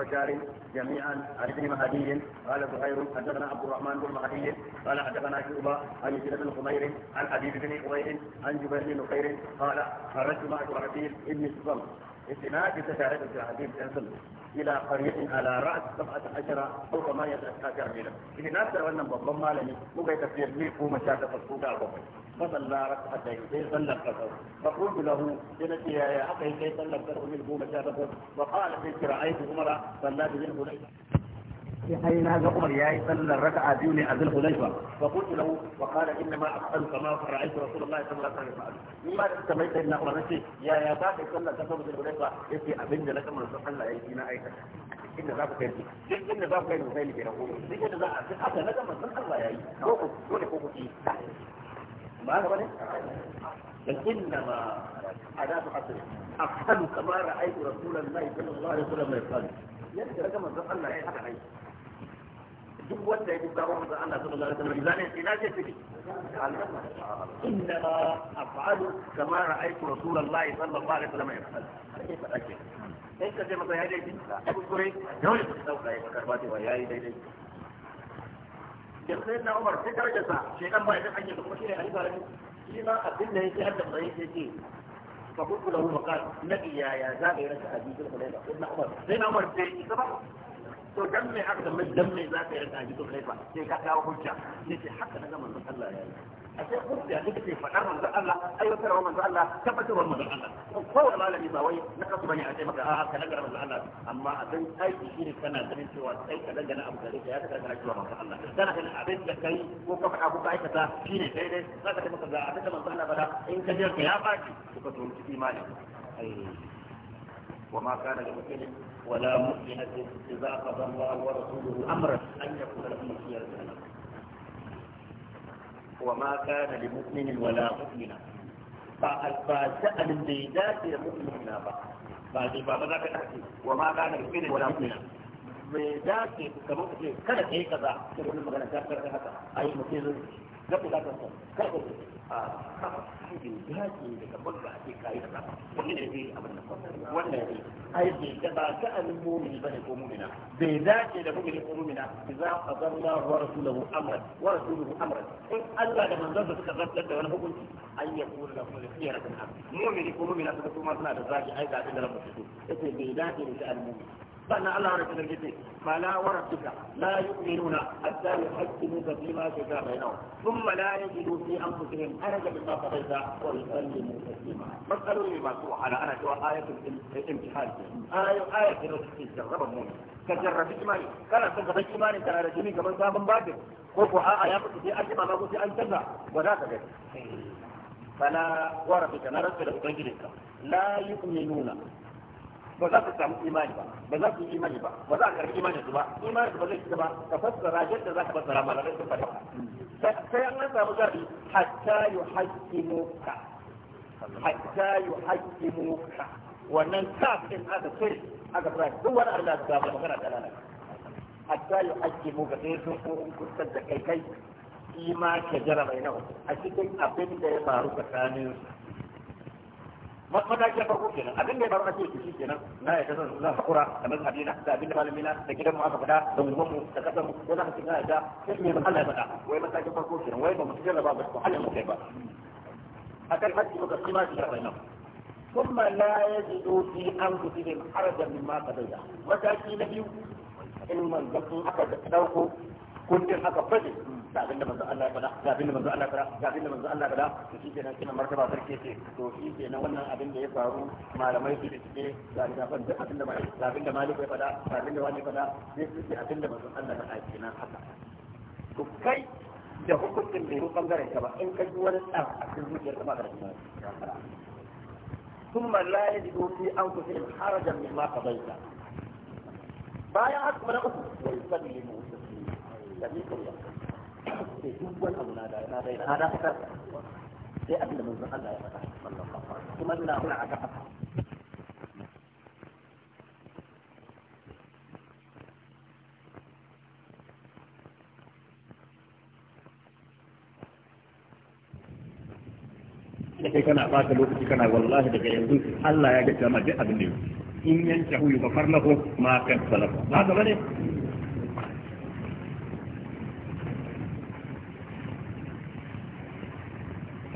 بشار جميعا عن ابن مهدي قال زهير حدثنا عبد الرحمن بن مهدي قال حدثنا شعبة عن يزيد بن خمير عن ابي بن خمير عن جبير بن خير قال خرجت مع شعبة ابن الصلب استناد تتعرف شعبة بن إلى قرية على رأس سبعة عشر أو ثمانية عشر ميلا إذا ناس ترى وأنا ما مالني ممكن تفسير لي هو مشاكل فسوق أبوه فصلى ركعتين زي صلى القصر فقلت له جنتي يا أخي كيف صلى القصر منه مشاكل وقال في رأيت عمر صلى بهم sai na ga Umar yayi sallar raka'a biyu ne a Zulhulaifa fa qultu lahu wa qala inna ma af'alu kama ra'aytu Rasulullahi sallallahu alaihi wasallam ni ma da mai sai na Umar nace ya ya za ka sallar ta sabu Zulhulaifa yace abin da na kamar sun Allah yayi na aikata inda za ku kai duk inda za ku kai sai ne ko duk inda za a duk haka na kamar sun Allah yayi ko ku dole ko ku yi ما هو إنما أداة حصر أفعل كما رأيت رسول الله صلى الله عليه وسلم يفعل يرجع كما تفعل الله حتى عيش duk wanda ya kuka wanda Allah sallallahu alaihi wasallam zane ina ce take innama af'alu kama ra'aytu rasulullahi sallallahu alaihi wasallam yaf'al sai ka ce masa ya dai ki kuskure dole ku dauka ya karba ta yayi daidai yanzu sai na Umar sai daraja sa shedan ba idan hanyar kuma shine Ali Barani shi ma abin da yake hadda bai yake فقلت له مقال نبي يا يا زابي لك ابي بن حليفه سيدنا عمر سيدنا عمر سيدنا to dan me aka mai dan me za ka yi raka gidan kai ba sai ka kawo hujja ne ce haka na ga manzon Allah ya yi a sai hujja ne kake faɗar manzon Allah aiwatarwa manzon Allah tabbatarwa manzon Allah kowane malami ba wai na kasu bane a sai maka a'a ka nagara manzon Allah amma a dan aiki shine kana ganin cewa sai ka dangana abu gare ka ya ka kana cewa manzon Allah kana ganin abin da kai ko ka faɗa ko ka aikata shine daidai za ka tabbata da abin da manzon Allah faɗa in ka jiyar ka ya baki ka to imani وما كان لمسلم ولا مؤمنة إذا قضى الله ورسوله أمرا أن يكون له خيرة وما كان لمؤمن ولا مؤمنة فسأل البيدات مؤمنة بعد ما ذاك تحكي وما كان لمؤمن ولا مؤمنة بيدات كما كذا كذا كذا كذا كذا كذا كذا كذا كذا كذا كذا كذا cikin yaƙi daga banga ake kayi wani bai da ba ba ne ko dace da mumini ko mumina za a zanna wa rasulahu amran wa rasuluhu amran in Allah da manzon da suka zartar da wani hukunci an ya kula da kuma lafiyar da mumini ko mumina suka kuma suna da zaki ai ga da rabu su yace bai dace da alin mumini فأنا الله رب الجديد فلا وربك لا يؤمنون حتى يحكموك فيما شجع بينهم ثم لا يجدوا في أنفسهم حرجا مما قضيت ويسلموا تسليما فاسالوا لي ما تروح على أنا سوى آية الامتحان آية آية الرسل جرب المؤمن كجرب إيماني كان سنجد إيماني كان رجمي كمان صاحب مبادر قلت آية آه في أجمع ما قلت أن تنزع وذاك بيت فلا وربك نرسل لا يؤمنون ba za su samu imani ba ba za su yi imani ba ba za ka karɓi imani su ba imani su ba zai ba ka fassara yadda za ka fassara malamai sun ba. sai an samu zabi hatta yuhaqqimuka hatta ka. wannan kafin aka kai aka fara duk wani Allah ya samu magana da lalata hatta ka sai sun kusa da kai kai shi ma shajara mai nawa a cikin abin da ya faru tsakanin matakin farko kenan abin da ya faru a ce shi kenan na ya kasar na hakura da mazhabi na da abin da malami na da gidan mu aka fada da unguwan mu da kasar mu ko za ka ci da sai me ba Allah ya fada wai matakin farko kenan wai ba mu cikin ba ba ko Allah mu kai ba akan hakki muka kima shi da wannan ثم لا يجدوا في انفسهم حرجا مما قضيت متاكي نبي ان من ذكر اكا دوكو كنت اكا ga abin da manzo Allah ya faɗa ga manzo Allah faɗa ga abinda Allah faɗa to shi kenan kina martaba sarki ce to shi kenan wannan abin da ya faru malamai su da da ga da ya faɗa ga abinda wani ya faɗa sai su ce da manzo Allah faɗa kenan haka to da hukuncin ka ba in ka ji wani ɗan a cikin zuciyar ka ba ka da ثم لا يجدوا في انفسهم حرجا مما قضيت بايعت من اخر سبيل aka ce duk wani abu na na na sai abin da manzon Allah ya faɗa kuma ina a gaba kai kana lokaci kana wallahi daga yanzu Allah ya duk abin da yau in huyu ma kan ba ga bane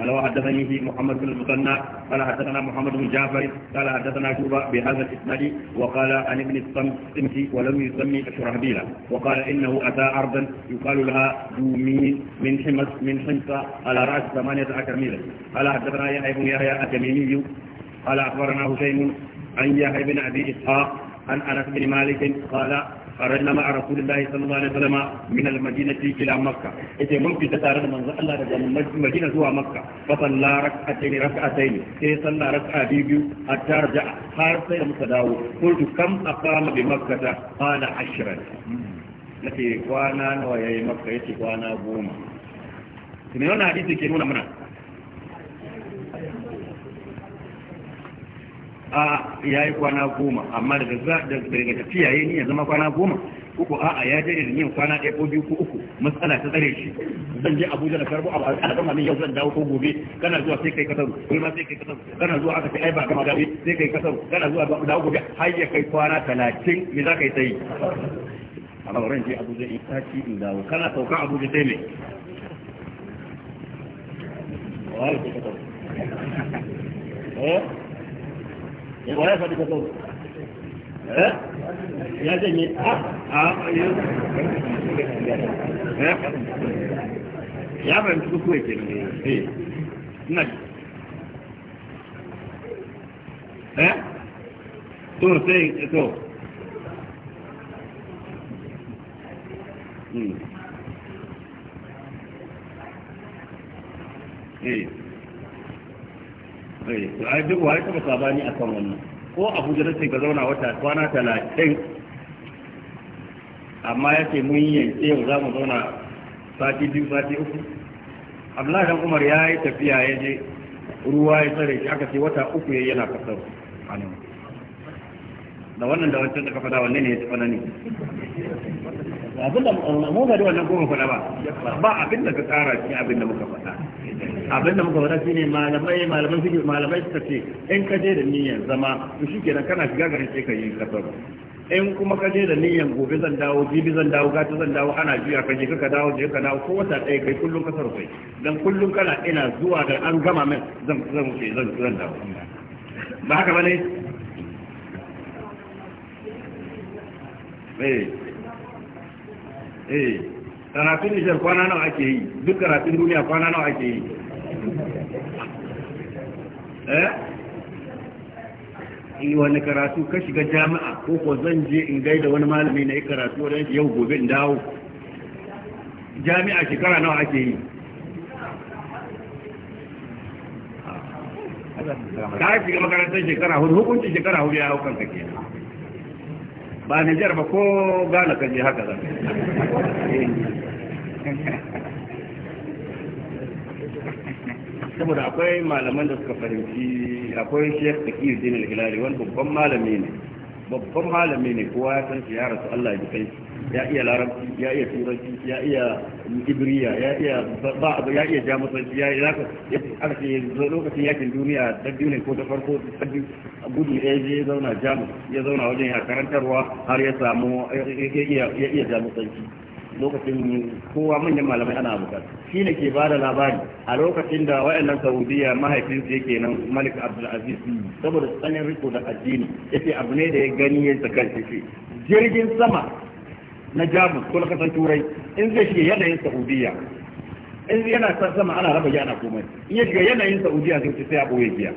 قال وحدثني محمد بن المثنى قال حدثنا محمد بن جعفر قال حدثنا شعبة بهذا الاسناد وقال عن ابن الصمت ولم يسمي شرحبيلا وقال انه اتى ارضا يقال لها دومين من حمص من حمص على راس ثمانية عشر ميلا قال حدثنا يحيى بن يحيى التميمي قال اخبرنا هشيم عن يحيى بن ابي اسحاق عن انس بن مالك قال خرجنا مع رسول الله صلى الله عليه وسلم من المدينة إلى مكة إذا ممكن تتعرض من الله من المدينة هو مكة فصلى ركعتين ركعتين إذا صلى ركعة بيبيو حتى رجع حارسة المتداو قلت كم أقام بمكة قال عشرا نتي وانا ويا مكة يتي وانا بوما. Tumeona hadithi ikinuna mna a ya yi kwana goma amma daga za daga tafiya yayi ni ya zama kwana goma uku a a ya je da yin kwana ɗaya ko biyu ko uku matsala ta tsare shi zan je Abuja da karbo a al'umma min yau zan dawo ko gobe kana zuwa sai kai kasaru kai ma sai kai kasaru kana zuwa aka ce ai ba kama gabe sai kai kasaru kana zuwa ba dawo gobe har ya kai kwana talatin me za ka yi sai amma wurin je Abuja in sati in dawo kana sauka Abuja sai me eh wa ya faɗi ka eh? ya janye a eh? ya fahimci duk kuwa ke ne eh. na eh to sai to Hmm. Hey. Eh, to ai duk wai kuma sabani kan wannan ko Abuja nace ka zauna wata kwana Talatin, amma ce mun yi yau za mu zauna sati biyu sati uku Abdullahi dan Umar ya yi tafiya ya je ruwa ya tsare shi aka ce wata uku ya yana kasar da wannan da wancan da ka fada wannan ne ya tafi ne abinda mu ga da wannan goma fada ba ba abinda ka tsara shi abinda muka fada abin da muka wada shi ne malamai malamai suke malamai suka ce in ka je da niyyar zama to shi kenan kana shiga garin sai ka yi kasar in kuma ka je da niyyar gobe zan dawo jibi zan dawo gata zan dawo ana juya ka je ka dawo je ka dawo ko wata ɗaya kai kullum kasar kai dan kullum kana ina zuwa da an gama min zan zan zan zan dawo ba haka bane eh eh karatun nishar kwana nawa ake yi duk karatun duniya kwana nawa ake yi eh wani karatu ka shiga jami'a ko ko zan je in gaida wani malami na yi karatu wadda yau gobe in dawo jami'a shekara nawa ake yi ka shiga makarantar shekara hudu hukuncin shekara hudu ya haukan ka kenan ba Nijar ba ko gane je haka zan saboda akwai malaman da suka fahimci akwai shek da kiyu din al-hilali wani babban malami ne babban malami ne kowa ya san shi ya rasu Allah ya kai ya iya larabci ya iya turanci ya iya ibriya ya iya ba abu ya iya jamusanci ya iya aka ce lokacin yakin duniya ta duniya ne ko ta farko ta gudu ya je zauna jamus ya zauna wajen ya karantarwa har ya samu ya iya jamusanci lokacin kowa manyan malamai ana bukata shi ne ke bada labari a lokacin da wayannan saudiya mahaifinsu yake nan malik abdulaziz saboda tsanin riko da addini ce abu ne da ya gani ya tsaka shi jirgin sama na jamus ko na kasar turai in zai shiga yanayin saudiya in yana san sama ana raba yana komai in ya shiga yanayin saudiya zai ce sai ya boye giya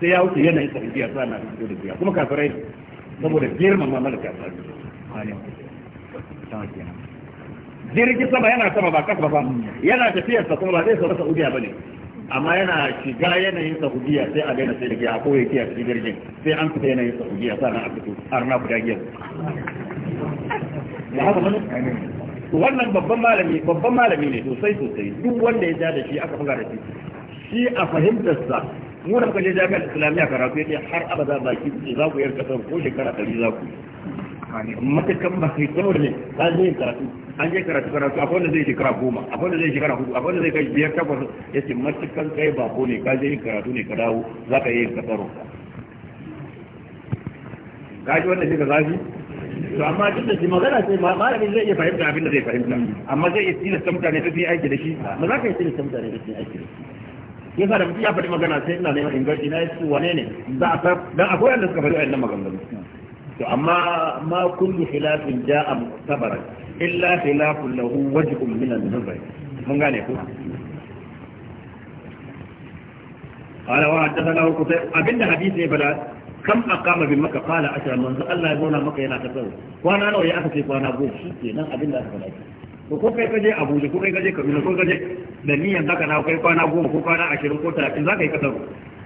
sai ya wuce yanayin saudiya sai na fito da giya kuma kafirai saboda mamalaka a ta sama kenan jirgin sama yana sama ba kasa ba yana tafiyar sa kuma ba zai sauka Saudiya ne, amma yana shiga yanayin Saudiya sai a daina sai a giya ko yake a cikin jirgin sai an fita yanayin Saudiya sannan a fito har na guda giya da haka bane wannan babban malami babban malami ne sosai sosai duk wanda ya ja da shi aka faga da shi shi a fahimtarsa mu da kuka je jami'ar islamiyya karatu ya yake har abada baki za ku yar kasar ko shekara ɗari za ku matakan ba kai saboda ne an je karatu an je karatu karatu akwai wanda zai shekara goma akwai wanda zai shekara hudu akwai wanda zai kai biyar takwas ya ce matakan kai ba ko ne ka je karatu ne ka dawo za ka yi kasaro ka ji wanda shi ka zafi to amma duk da shi magana ce malami zai iya fahimta abin da zai fahimta amma zai iya tilasta mutane ta su yi aiki da shi ba za ka yi tilasta mutane ta su yi aiki da shi yasa da mutum ya faɗi magana sai ina neman inganci na yi su wane ne za a san dan akwai wanda suka faɗi wa'annan maganganu to amma ma kullu khilafin ja'a mu'tabara illa khilafun lahu wajhun min an-nazar mun gane ko قال وحدثنا وقتيبة أبن حديث بلا كم أقام بمكة قال عشر من الله يقول مكة هنا تصور وأنا أنا ويا أخي وأنا أبو شيء نعم أبن الله بلا ko kai kaje Abuja ko kai kaje Kaduna ko kaje da niyan zaka na kai kwana goma ko kwana ashirin ko talatin zaka yi kasar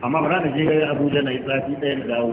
amma ba za je Abuja na yi na dawo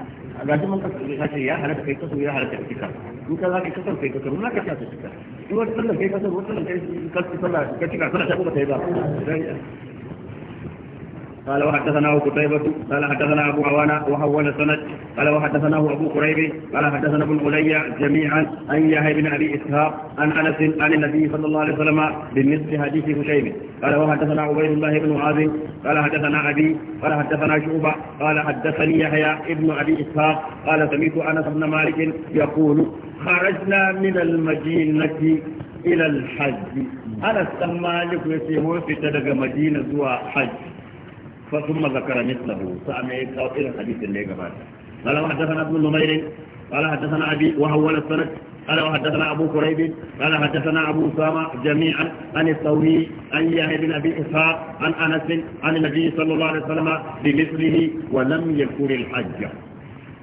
a gashi man kasar zai sace ya halatta kai kasar ya halatta kai in ka zaka kasar kai kasar na ka sace kasar in wata sallar kai kasar wata sallar kai kasar sallar kai ka sallar ta kuma ta yi ba قال وحدثنا أبو قتيبة قال حدثنا أبو عوانة وحول سند قال وحدثنا أبو قريب قال حدثنا ابن علي جميعا أن يحيى بن أبي إسحاق عن أنس عن النبي صلى الله عليه وسلم بمثل حديث هشيم قال وحدثنا عبيد الله بن عازم قال حدثنا أبي قال حدثنا شعبة قال حدثني يحيى ابن أبي إسحاق قال سمعت أنس بن مالك يقول خرجنا من المدينة إلى الحج أنس بن مالك في تلك مدينة زوا حج فثم ذكر مثله سأمي قائل إلى الحديث اللي قبل قال حدثنا ابن نمير قال حدثنا أبي وهو السند قال حدثنا أبو كريب قال حدثنا أبو أسامة جميعا عن الثوري عن يحيى بن أبي إسحاق عن أنس عن النبي صلى الله عليه وسلم بمثله ولم يذكر الحج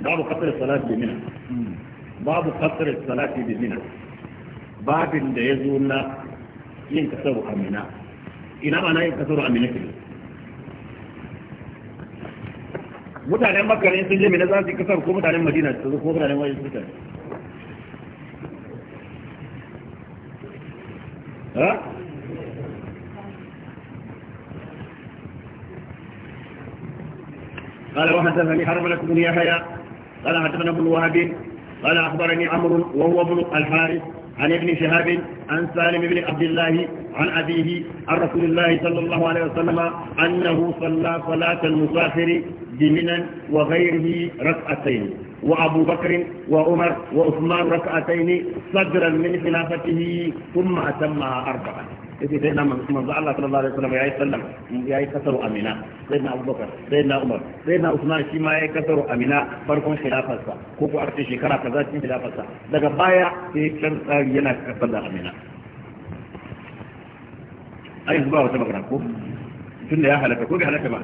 باب قصر الصلاة بمنى باب قصر الصلاة بمنى باب لا يزولنا zo أمنا yin kasar لا ina امنا mutanen makka ne sun je mina za su yi kasar ko mutanen madina su ko mutanen wani mutane ha قال وحدثني حرم لك بن يحيى قال حدثنا ابن وهب قال أخبرني عمرو وهو ابن الحارث عن ابن شهاب عن سالم بن عبد الله عن أبيه عن رسول الله صلى الله عليه وسلم أنه صلى صلاة المسافر بمنى وغيره ركعتين وأبو بكر وعمر وعثمان ركعتين صدرا من خلافته ثم أتمها أربعة yake sai na manzo Allah sallallahu alaihi wasallam yayi sallam yayi kasaru amina sai na Abubakar sai na Umar sai na Usman shi ma yayi kasaru amina farkon khilafarsa ko ko arti shekara kaza cikin khilafarsa daga baya sai kan tsari yana kasar da amina ai ba wata magana ko tunda ya halaka ko bai halaka ba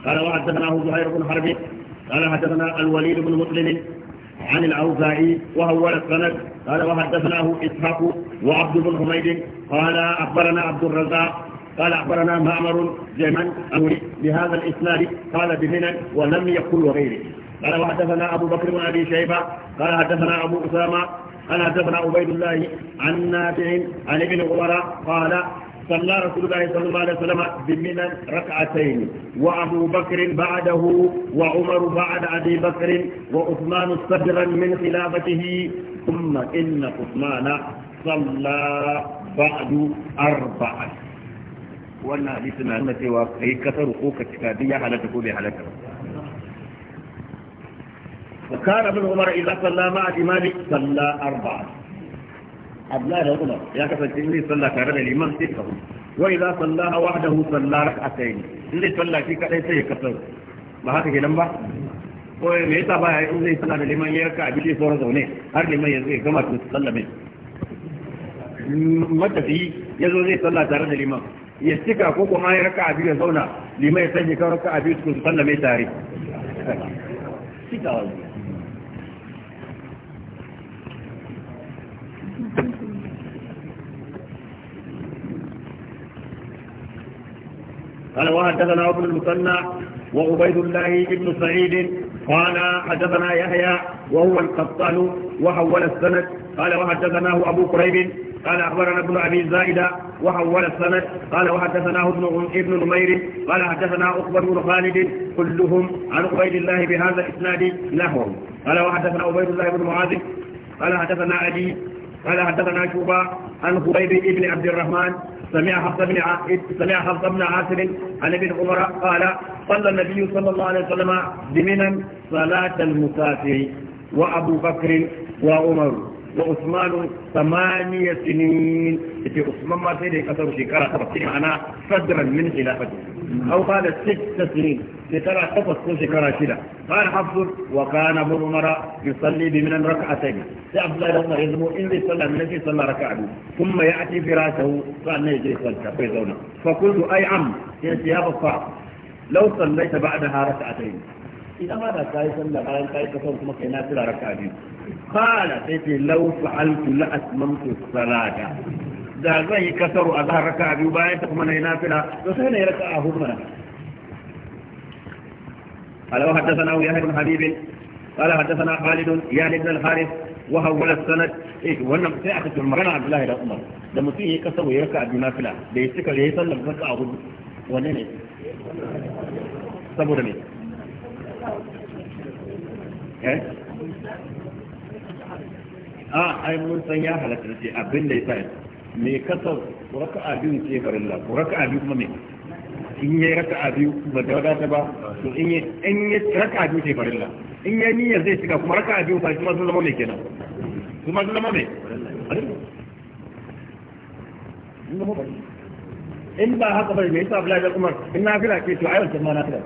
قال وحدثنا زهير بن حرب قال حدثنا الوليد بن مسلم عن الأوزاعي وهو السند قال وحدثناه إسحاق وعبد بن حميد قال أخبرنا عبد الرزاق قال أخبرنا معمر جيمان أمري بهذا الإسناد قال بهنا ولم يقل وغيره قال وحدثنا أبو بكر بن أبي شيبة قال حدثنا أبو أسامة قال حدثنا عبيد الله عن نافع عن ابن عمر قال صلى رسول الله صلى الله عليه وسلم بمنى ركعتين وأبو بكر بعده وعمر بعد أبي بكر وعثمان صدرا من خلافته ثم إن عثمان صلى بعد أربعة وانا hadisi na nuna cewa kai kasar على ka على وكان ابن عمر إذا صلى مع الإمام صلى أربعة abdullahi da umar ya kasance in zai sallah tare da liman sai ka hudu wa idza sallaha wahdahu salla rak'atayn in zai sallah shi kadai sai ya kasar ba haka kenan ba ko me yasa ba ya yi in zai sallah da liman ya ka abin sauran zaune har liman ya ya gama su sallah mai ya zo zai sallah tare da liman ya cika ko kuma ya raka abin ya zauna liman ya sanya ka raka abin su sallah mai tare cika wani قال وحدثنا ابن المثنى وعبيد الله بن سعيد قال حدثنا يحيى وهو القطان وحول السند قال وحدثناه ابو قريب قال اخبرنا ابن ابي زائده وحول السند قال وحدثناه ابن ابن نمير قال حدثنا عقبه بن خالد كلهم عن عبيد الله بهذا الاسناد لهم قال وحدثنا عبيد الله بن معاذ قال حدثنا ابي قال حدثنا شوبا عن خبيب بن عبد الرحمن سمع حفص بن عاصم سمع حفص بن عاصم عن ابن عمر قال صلى النبي صلى الله عليه وسلم بمنى صلاة المسافر وأبو بكر وعمر وعثمان ثمانية سنين في عثمان ما سيدي قصر شكرا تبقى معنا صدرا من خلافته أو قال ست سنين شكرا تفص شكرا شدا قال حفظ وكان أبو عمر يصلي بمن ركعتين عبد الله بن يزمو إن صلى من الذي صلى ركعته ثم يأتي فراشه فأنا يجري صلى فيزونه فقلت أي عم يا شهاب الصعب لو صليت بعدها ركعتين إذا ماذا كاي صلى قال كاي كسر ثم كنا صلى ركعتين قال سيتي لو فعلت لأتممت الصلاة da zan yi kasaru a zahar raka biyu bayan ta kuma na yi nafila to sai na yi raka a hudu mana alawa haddasa ya haifin habibin قال حدثنا خالد يعني بن الحارث وهول السند eh wannan sai aka ce magana Abdullahi da Umar da mutum ya kasaru ya raka biyu nafila da ya cika ya sallar zaka a hudu wanne ne saboda me eh a ai mun san ya halatta ce abin da ya sa mai kasar raka'a biyu ce farilla la, raka'a biyu kuma me in yayi raka'a biyu ba da wadata ba to in yi in yayi raka'a biyu ce farilla in yayi niyya zai shiga kuma raka'a biyu ba kuma sun zama me kenan kuma sun zama me in ba haka ba me yasa Abdullahi da Umar in nafila ce to ayyuka ma nafila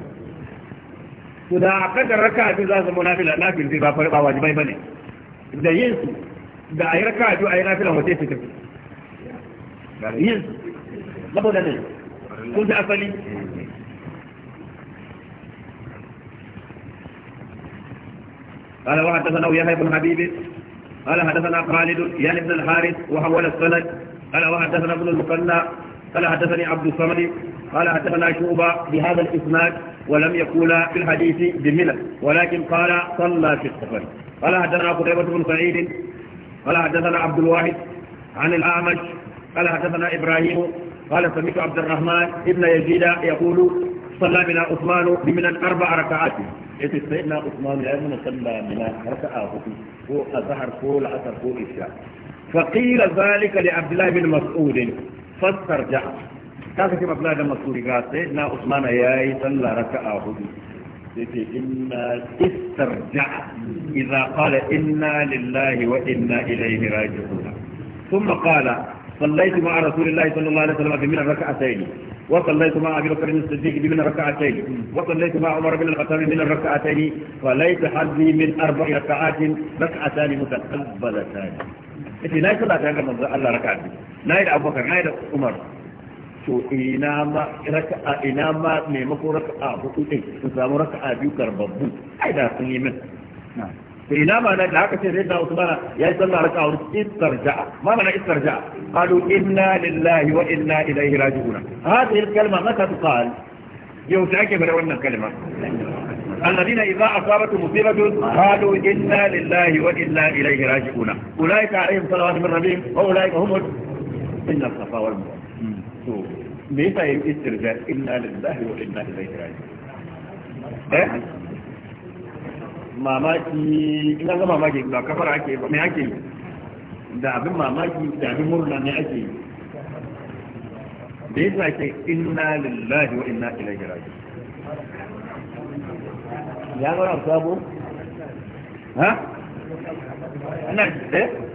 to da a kadar raka'a biyu za su zama nafila nafil zai ba farba wajibai bane da yin su da ayi raka'a biyu ayi nafila wace su tafi yin saboda ne kun قال وحدثنا يحيى بن حبيب قال حدثنا خالد يعني بن الحارث وحول السند قال وحدثنا ابن المثنى قال حدثني عبد الصمد قال حدثنا شوبة بهذا الإسناد ولم يقول في الحديث بمنى ولكن قال صلى في السفر قال حدثنا قتيبة بن سعيد قال حدثنا عبد الواحد عن الأعمش قال حدثنا إبراهيم قال سميت عبد الرحمن ابن يزيد يقول صلى بنا عثمان بمن الأربع ركعات إذا سيدنا عثمان لا يمنى صلى بنا ركعة هو الظهر هو عصر هو العشاء فقيل ذلك لعبد الله بن مسعود فاسترجع كذا كما عبد الله بن مسعود قال سيدنا عثمان يا صلى ركعة هدي إنا استرجع إذا قال إنا لله وإنا إليه راجعون ثم قال صليت مع رسول الله صلى الله عليه وسلم من الركعتين وصليت مع ابي بكر الصديق من الركعتين وصليت مع عمر بن الخطاب من الركعتين وليس حظي من اربع ركعات ركعتان متقبلتان ita na yi sallah ta yankan Allah raka biyu na yi da abubakar da umar to ina ma raka'a ina ma maimako raka'a hudu din su samu raka'a biyu karbabbu ai da sun yi min في ina ma da haka ce sai da Usman ya yi sallah raka'a wurin istarja'a ma mana istarja'a qalu inna lillahi wa inna ilaihi raji'un hadhihi al-kalma mata tuqal yau ta ake bada wannan kalma الذين إذا أصابتهم مصيبة قالوا إنا لله وإنا إليه راجعون أولئك عليهم صلوات من ربهم وأولئك هم إن الصفا والمروة ليس يسترجاع إنا لله وإنا إليه راجعون mamaki ina ga mamaki ba kafara ake ba mai ake da abin mamaki da abin murna mai ake yi da yasa ke inna lillahi wa inna ilaihi raji'un ya ga sabo ha ina eh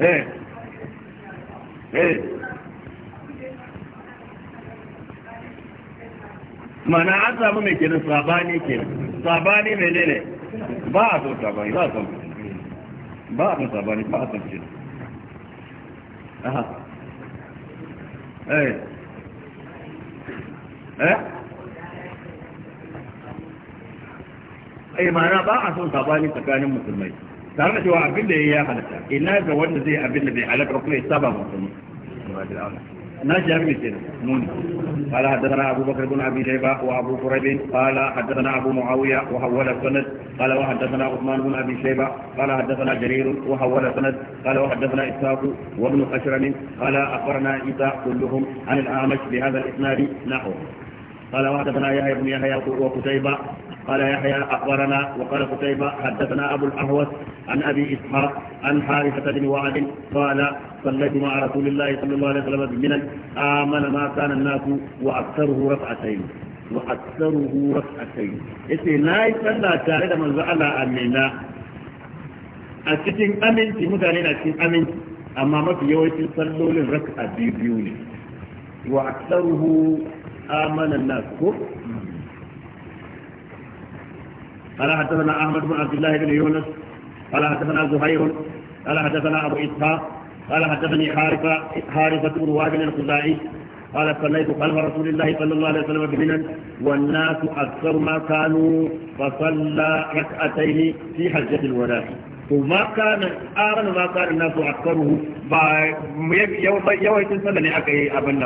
Ee, ee. Mana an samu mai kenan sabani kenan, sabani mai ne ba a so sabani, ba a son ba a son sabani, ba a son kenan. Aha. Eh. Eh. Eh, mana ba a son sabani tsakanin musulmai. tare da عبد الله يا خلاص halatta ina زي عبد الله على da bai halatta kuma ya saba ناجي أبن سينا نون قال حدثنا أبو بكر بن أبي شيبة وأبو كريب قال حدثنا أبو معاوية وحول السند قال وحدثنا عثمان بن أبي شيبة قال حدثنا جرير وحول السند قال وحدثنا إسحاق وابن خشرم قال أخبرنا عيسى كلهم عن الأعمش بهذا الإسناد نحو قال وحدثنا يحيى بن يحيى وقتيبة قال يحيى أخبرنا وقال قتيبة حدثنا أبو الأهوس عن أبي إسحاق عن حارثة بن وعد قال صليت مع رسول الله صلى الله عليه وسلم بمنى آمن ما كان الناس وأكثره ركعتين وأكثره ركعتين إذا لا يصلى تارد من زعل أمنا أكتن أمن في مدانين أكتن أمن أما ما في يوم صلوا للركعة بيبيوني وأكثره آمن الناس كفر قال حدثنا أحمد بن عبد الله بن يونس قال حدثنا زهير قال حدثنا أبو إسحاق قال حدثني حارثة حارثة بن بن الخزاعي قال صليت خلف رسول الله صلى الله عليه وسلم بمنى والناس أكثر ما كانوا فصلى ركعتين في حجة الوداع وما كان آرن وما كان الناس أكثره يوهي تنسى مني أكي أبن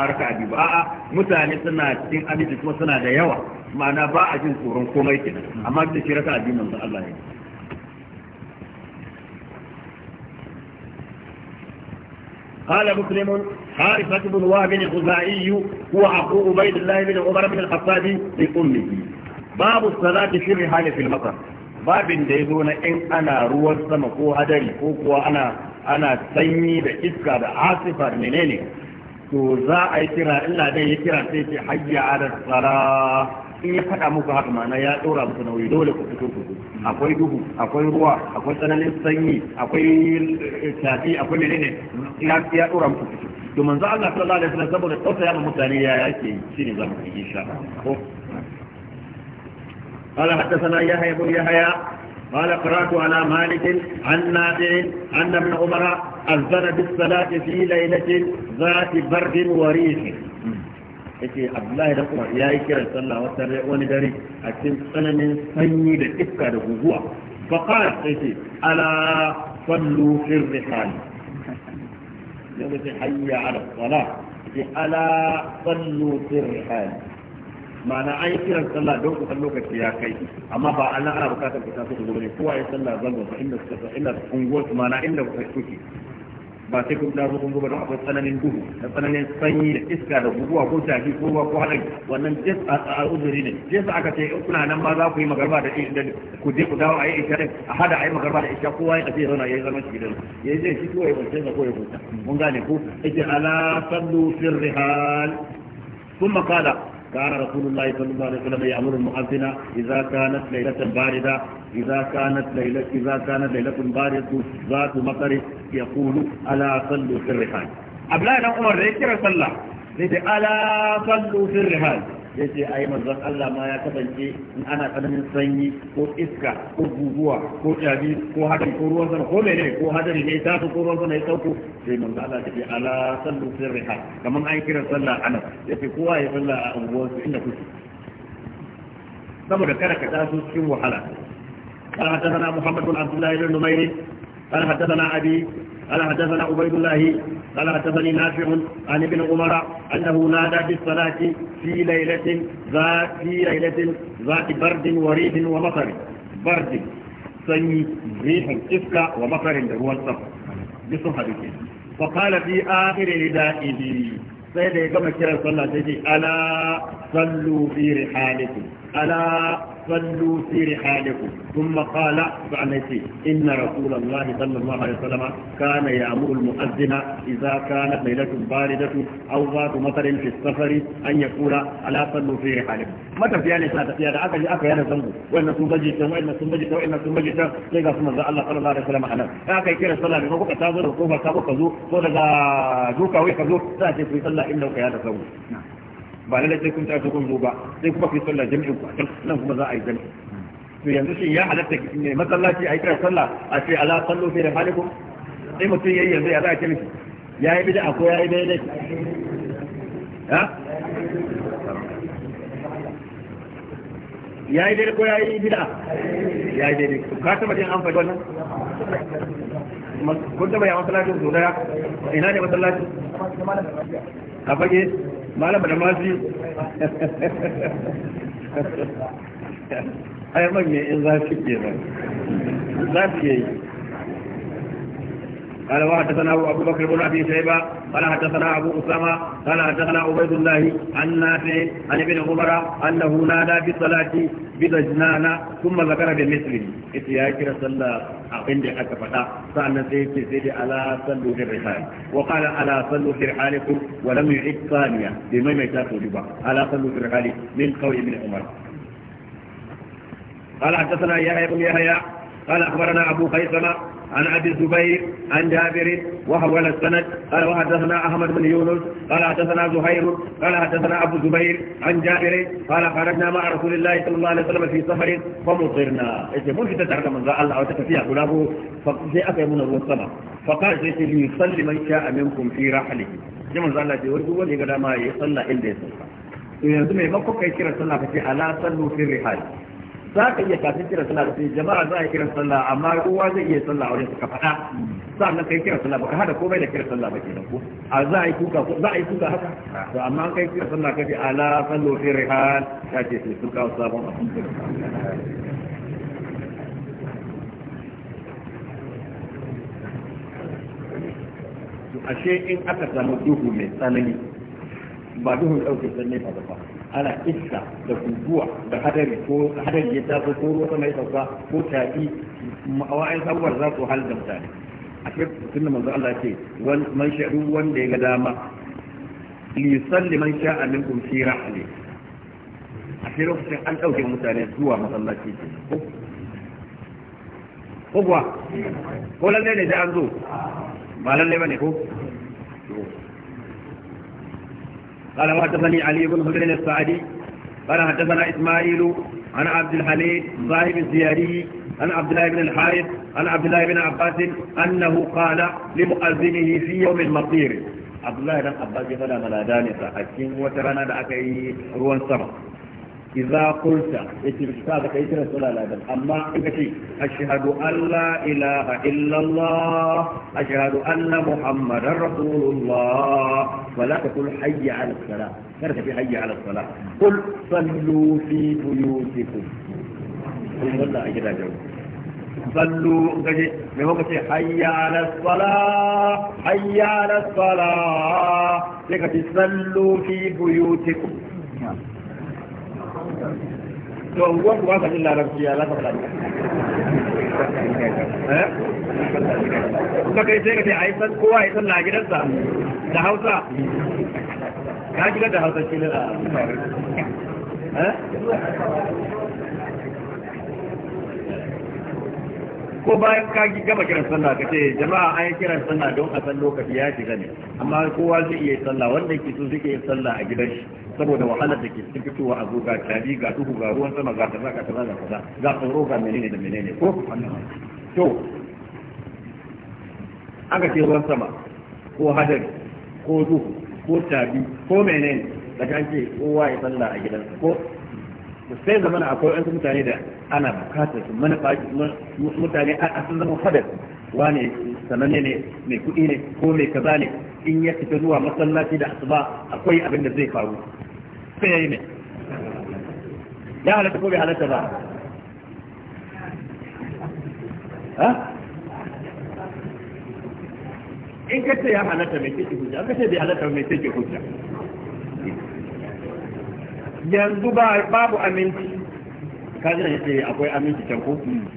أركع بيبا مثالي سنة تين أبي تسوى سنة دا يعني. قال مسلم حارثة بن وهب الخزاعي هو أخو عبيد الله بن عمر بن الخطاب لأمه باب الصلاة في الرحال في المطر babin da ya zo na in ana ruwan sama ko hadari ko kuwa ana ana sanyi da iska da asifar da menene to za a yi kira illa dai ya kira sai ce hayya ala tsara in ya faɗa muku haka ma'ana ya ɗora muku nauyi dole ku fito ku akwai duhu akwai ruwa akwai tsananin sanyi akwai eh, tafi akwai menene ya ɗora muku fito to manzo Allah sallallahu alaihi wasallam saboda tausaya ma mutane ya yake shine zamu yi insha Allah قال حدثنا يحيى بن يحيى قال قرأت على مالك عن نافع أن ابن عمر أذن بالصلاة في ليلة ذات برد وريح yake abdullahi da kuma ya yi kiran sallah wata wani dare a cikin tsananin sanyi da iska da guguwa fa qala yace ala sallu fil rihal yace hayya ala salah yace ala sallu fil rihal ma'ana an yi kiran sallah don kusan lokaci ya kai amma ba ana ana bukatar ku tafi gobe ne kowa ya sallah zango ba inda suka inda unguwar ma'ana inda kuka kuke ba sai kun dawo kun ba don akwai tsananin duhu da tsananin sanyi da iska da guguwa ko tafi ko ruwa ko hadari wannan jes a uzuri ne jes aka ce kuna nan ma za ku yi magarba da ku je ku dawo a yi isha a hada a yi magarba da isha kowa ya tafi ya zauna ya yi zama shi gidan ya yi zai shi kowa ya kwanciyar da kowa ya kuta mun gane ko ake ala sallu firrihal ثم قال كان رسول الله صلى الله عليه وسلم يأمر المؤذن إذا كانت ليلة باردة إذا كانت ليلة إذا كانت ليلة باردة ذات مطر يقول ألا صلوا في الرحال أبلا أنا أمر ذكر صلى ألا صلوا في الرحال a yi mazan Allah ma ya kasance in ana tsananin sanyi ko iska ko guguwa ko tabi ko hadari ko ruwan sama ko mene ko hadari ne ta ko ruwan sama ya sauko sai manzon Allah ta ce ala sallu sirriha kamar an kira sallah ya yace kowa ya sallah a unguwar su inda kuke saboda kada ka taso cikin wahala kana ta sana Muhammadu Abdullahi bin Numairi قال حدثنا أبي قال حدثنا عبيد الله قال حدثني نافع عن ابن عمر أنه نادى بالصلاة في ليلة ذات في ليلة ذات برد وريح ومطر برد سني ريح إفكا ومطر هو الصفر بصحة فقال في آخر ردائه سيدي كما ya صلى الله عليه sai ce ala sallu fi صلوا في رحالكم ثم قال فعنتي إن رسول الله صلى الله عليه وسلم كان يأمر المؤذن إذا كانت ليلة باردة أو ذات مطر في السفر أن يقول ألا صلوا في رحالكم متى في يعني سنة في هذا أكل أكل هذا ذنب وإن سنبجي وإن سنبجي وإن سنبجي سيغا سنة الله صلى الله عليه وسلم أنا هكا يكير صلى الله عليه وسلم تابر وكوفة كابو كذو ودغا جوكا ويكذو ساتي في صلى إنه كهذا ذنب نعم ba lalle sai kun ta su gungu ba sai kuma ku sallah jami'in ku nan kuma za a yi jami'i to yanzu shin ya halatta ne masallaci a yi kira sallah a ce ala sallu fi rihalikum sai mutum yayi yanzu ya za a ce miki ya yi bid'a ko ya yi daidai ha ya yi daidai ko ya yi bid'a ya yi daidai ka taba jin an faɗi wannan kun taba ya masallacin zuwa ina ne masallaci a fage malam da mafi? ai man mai in za su ke nan za su yi قال وحدثنا أبو بكر بن أبي شيبة قال حدثنا أبو أسامة قال حدثنا عبيد الله عن نافع عن ابن عمر أنه نادى بالصلاة بدجنان ثم ذكر بمثله في ياكر صلى عند حتى فتاة فأنا سيدي سيدي صلوا في الرحال وقال على صلوا في رحالكم ولم يعد ثانية بما يتاكوا جبا على صلوا في الرحال من قول ابن عمر قال حدثنا يحيى بن يحيى قال أخبرنا أبو خيثمة عن أبي الزبير عن جابر وحول السند قال وحدثنا أحمد بن يونس قال حدثنا زهير قال حدثنا أبو الزبير عن جابر قال خرجنا مع رسول الله صلى الله عليه وسلم في سفر فمطرنا إذا إيه، كنت تعرف من ذا الله وتكفيها قلابه فزي أكي من الوصمة فقال زيت ليصلي من شاء منكم في رحله جمع ذا الله يورجو ولي ما يصلى إلا يصلى إذا زمي مكوك يكير الصلاة في على صلوا في الرحال za ka iya kafin kira sallah sai jama'a za a kira sallah amma uwa zai iya sallah wurin suka faɗa sannan kai kira sallah baka hada komai da kira sallah ba kenan ko a za a yi kuka ko za a yi kuka haka to amma kai kira sallah kace ala sallu fi rihal ka ce sai suka sabon ashe in aka samu duhu mai tsanani ba duhun ɗauke sanne ba ba ana iska da guguwa da hadari ko hadari ya tafi ko ruwa sama ya sauka ko tafi ma'awa'in sabuwar za su hal da mutane a cikin da manzo Allah ce man sha'u wanda ya ga dama li salli man sha'a minkum fi rahli a cikin lokacin an dauke mutane zuwa masallaci ko ko kuwa ko lalle ne da an zo ba lalle bane ko قال وحدثني علي بن حجر السعدي قال حدثنا إسماعيل عن عبد الحليم صاحب الزياري عن عبد الله بن الحارث عن عبد الله بن عباس أنه قال لمؤذنه في يوم المطير عبد الله بن عباس قال ملادانسة أكين وترانا لأكي روان سما إذا قلت إتبتابك إتنا صلى الله عليه أما إبتي أشهد أن لا إله إلا الله أشهد أن محمدا رسول الله ولا تقل حي على الصلاة كانت في حي على الصلاة قل صلوا في بيوتكم قل الله أجل أجل صلوا مهم حي على الصلاة حي على الصلاة لكي صلوا في بيوتكم نعم. to unguwar ku ba ka jin larabci ya za ka faɗa eh? ka kai sai ka ce a san kowa ya san gidansa da Hausa ka gidan da Hausa ke eh? la. ko bayan ka gama kiran sallah ka ce jama'a an yi kiran sallah don a san lokaci ya shiga ne amma kowa zai iya sallah wanda yake so zai iya sallah a gidan shi saboda wahalar da ke cikin fitowa a zo ga tari ga duhu ga ruwan sama ga kaza ga kaza ga kaza ga tsoro ga menene da menene ko to aka ce ruwan sama ko hadar ko duhu ko tabi ko menene da an ce kowa ya sallah a gidan ko sai zamana akwai wasu mutane da ana bukatar shi manufa mutane a sun zama fadar wane sananne ne mai kuɗi ne ko mai kaza ne in ya fita zuwa masallaci da asuba akwai abin da zai faru sai ya yi ne ya halatta ko bai halatta ba in ka ce ya halatta mai kike hujja ka ce bai halatta mai kike hujja yanzu babu aminci kaji da yake akwai aminci can ko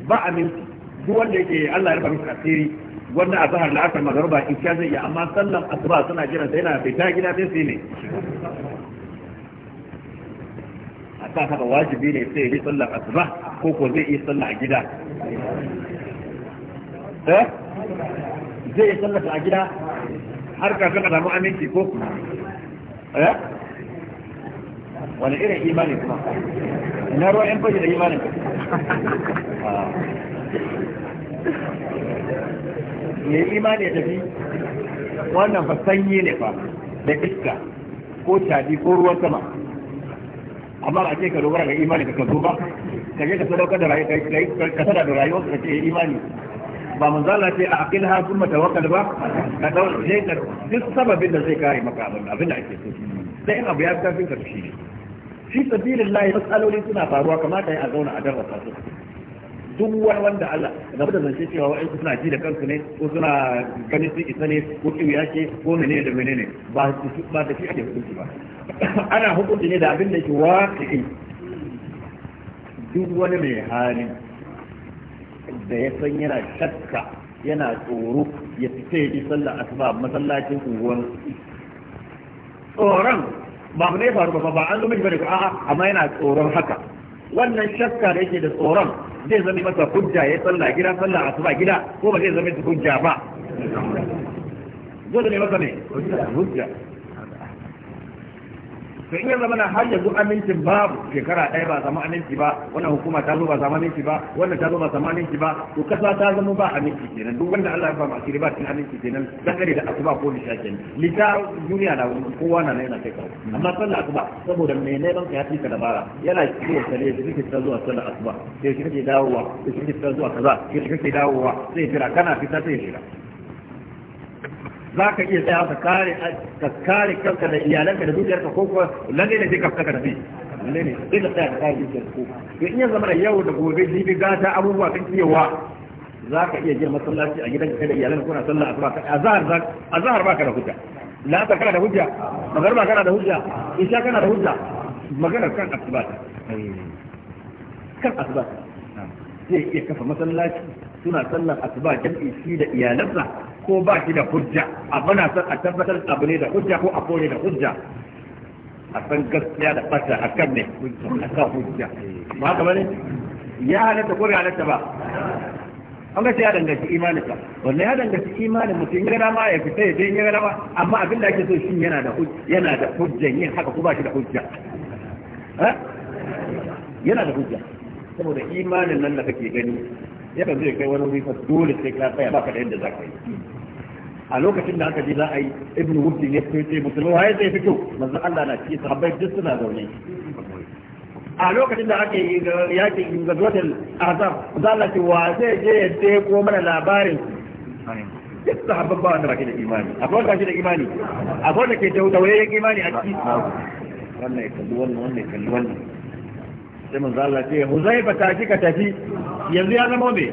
ba aminci duk wanda yake Allah ya rufa masa asiri wanda a zahar la'asar magaruba in sha zai iya amma sallan asuba suna jira sai yana fita gida sai sai ne a ta haka wajibi ne sai yi sallan asuba ko ko zai yi sallan a gida eh zai yi sallan a gida har ka a samu aminci ko eh wani irin imani kuma ina ruwa yan fashi da imanin ya yi ah. imani ya tafi wannan fa sanyi ne fa da iska ko tadi ko ruwan sama amma a ce ka dogara ga imani ka kaso ba ka je ka sadaukar da rayuwa ka sada da rayuwa ka ce imani ba mun zala ce a akil ha kuma tawakkal ba ka dau sai ka duk sababin da zai kare maka abin da ake so sai abu ya kafin ka shi ne fi sabilillahi masaloli suna faruwa kamata ya zauna a darasa su duk wani wanda Allah da da zance cewa wa'ansu suna ji da kansu ne ko suna gani su isa ne ko kiwiya ce ko mene da mene ne ba su su ba da fi ake hukunci ba *coughs* ana hukunci ne da abin da ke waƙi duk wani mai hali da ya san yana shakka yana tsoro ya fita ya ji sallar asuba masallacin unguwar tsoron ba abu ne faru ba ba an zama ba da a'a amma yana tsoron haka wannan shakka da yake da tsoron zai zama masa hujja ya tsalla gida tsalla a suba gida ko ba zai zama hujja ba zai zama masa ne hujja to in ya zama na har yanzu aminci babu shekara ɗaya ba zama aminci ba wannan hukuma ta zo ba zama aminci ba wannan ta zo ba zama aminci ba to kasa ta zama ba aminci kenan duk wanda Allah ya ba masu riba cikin aminci kenan kare da asuba ko ni shaken lita duniya na kowa na yana kai kawo amma sallar asuba saboda me ne ban kai fi ka dabara yana cikin sale da kike ta zuwa sallar asuba sai kike dawowa sai kike ta zuwa kaza sai kike dawowa sai jira kana fita sai jira. za ka iya tsaya ka kare ka kare kanka da iyalanka da dukiyarka ko kuma lalle ne sai ka fita ka bi lalle ne sai ka tsaya ka kare dukiyar ko to in ya zama da yau da gobe jibi gata abubuwa kan cewa za ka iya jin masallaci a gidanka kai da iyalanka kuna sallah zuwa azhar azhar ba ka da hujja la ta kana da hujja magarba kana da hujja isha kana da hujja magana kan asuba kan asuba zai iya kafa masallaci suna sallar asuba jam'i shi da iyalansa ko ba shi da hujja a na san a tabbatar abu ne da hujja ko a kore da hujja a san gaskiya da fata a kan ne a kan hujja ba ka bane ya halatta ko bai halatta ba an ga ya danganci imanin ka wannan ya danganci imanin mutum yana ma ya fita ya je yana ma amma abin da ake so shi yana da yana da hujjan yin haka ko ba shi da hujja yana da hujja saboda imanin nan da kake gani yakan zai kai wani wuri dole sai ka tsaya baka da yadda za ka yi a lokacin da aka ji za a yi ibn wuti ne ko ce musulmi waye zai fito manzo Allah na ci sahabbai duk suna zaune a lokacin da aka yi yakin gazwatul azab za Allah ce wa zai je ya ce ko mana labarin duk sahabban ba wanda ba ke da imani a wanda ke da imani akwai wanda ke da imani a ciki wannan ya kalli wannan wannan ya kalli wannan sai manzo Allah ce Huzaifa ta ka tafi yanzu ya zama me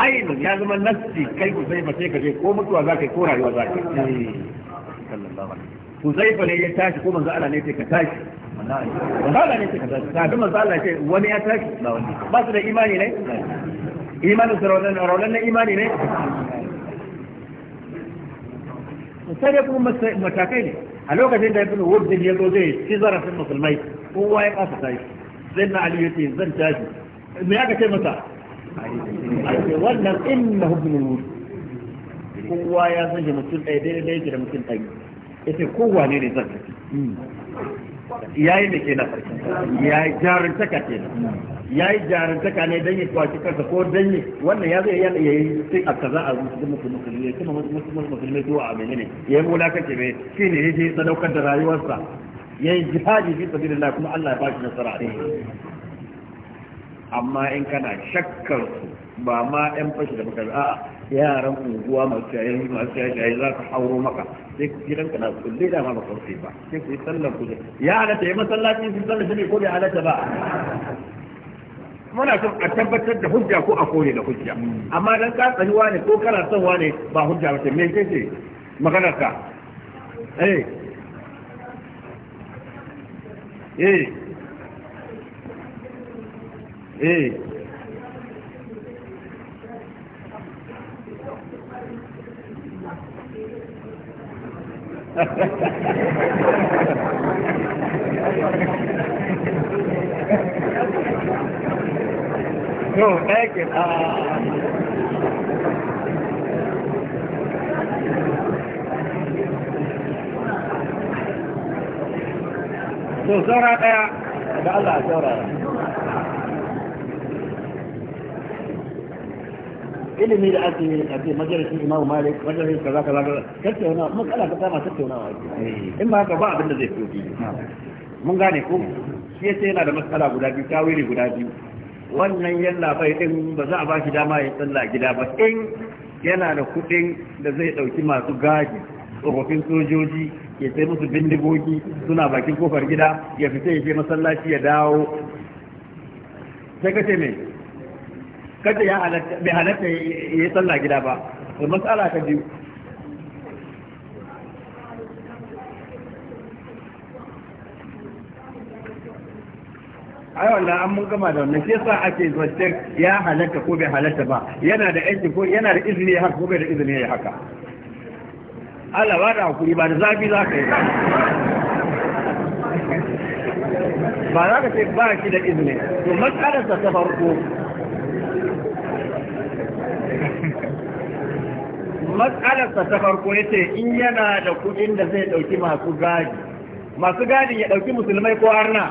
ayin ya zama nafsi kai Huzaifa sai ka je ko mutuwa zaka ko rayuwa zaka sallallahu alaihi Huzaifa ne ya tashi ko manzo Allah ne ce ka tashi manzo Allah ne ce ka tashi kafin manzo Allah ce wani ya tashi ba su da imani ne imanin saraunan raunan imani ne sai dai kuma matakai ne a lokacin da ya fi wurbin ya zo zai ci zarafin musulmai kowa ya kasa tashi sai na aliyu ce zan tashi me aka ce masa ake wannan na hubbul wud kowa ya san shi mutum ɗaya daidai da yake da mutum ɗaya Ya ce kowa ne ne zan tafi yayi ne kenan na. Ya yi jarin taka ne dan ya kwaci kansa ko don yi wannan ya zai yana yi sai a kaza a zuci muku musulmi kuma musulmi zuwa a menene ke mai shi ne ya yaje sadaukar da rayuwarsa yayi jihadi fi sabilillah kuma Allah ya ba shi nasara amma in kana shakkar su ba ma yan fashi da baka a yaran unguwa masu yayin masu yayin za ka hauro maka sai ku gidan ka na kulle da ma baka rufe ba sai ku yi sallar ku ya halatta ya masallaci sun sallar shi ko bai halatta ba muna son a tabbatar da hujja ko a kone da hujja amma dan ka tsani wane ko kana son wane ba hujja ba ce me ce maganar ka eh eh eh *laughs* no, back it. Uh... to saura daya da Allah a saurara ilimi da ake yi a ce majalisun imamu malik za kaza kaza kaza tattauna kala ta kama tattaunawa eh. in ba haka ba abin da zai fi mun gane ko shi yace yana da matsala guda biyu tawili guda biyu wannan yalla bai din ba za a ba shi dama ya tsalla gida ba in yana da kuɗin da zai ɗauki masu gaji tsofaffin sojoji ya sai musu bindigogi suna bakin kofar gida ya fita ya je masallaci ya dawo sai kace me kace ya halatta bai halatta ya yi sallah gida ba mas'ala ta biyu ai wannan an mun gama da wannan shi yasa ake zancen ya halatta ko bai halatta ba yana da aiki ko yana da izini ya haka ko bai da izini ya haka Allah ba da hakuri ba da zafi za ka yi ba ba za ka ce ba shi da izini to matsalarsa ta farko matsalarsa ta farko ya ce in yana da kudin da zai dauki masu gadi masu gadin ya dauki musulmai ko arna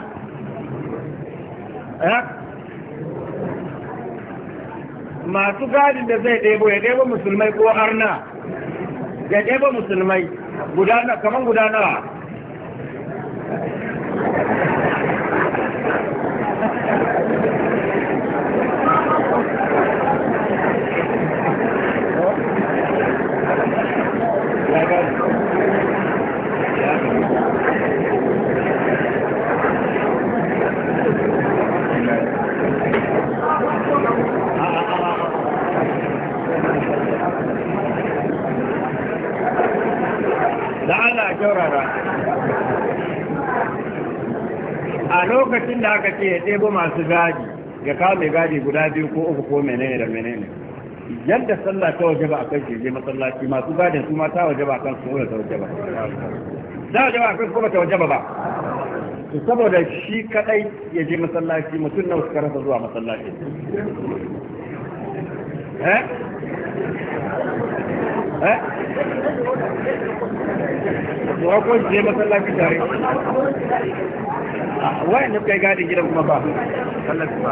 eh? masu gadin da zai ɗebo ya ɗebo musulmai ko arna da ɗaya musulmai guda kamar guda nawa ce ya ɗebo masu gadi ga kawo mai gadi guda biyu ko uku ko menene da menene yadda sallah ta waje ba a kan shirye masallaci masu gadin su ma ta waje ba a kan su ta waje ba ta waje ba a kan su ta waje ba saboda shi kadai ya je masallaci mutum na wasu karasa zuwa masallaci eh eh ko je masallaci tare wayan da kai gadin gidan kuma ba tallafi ba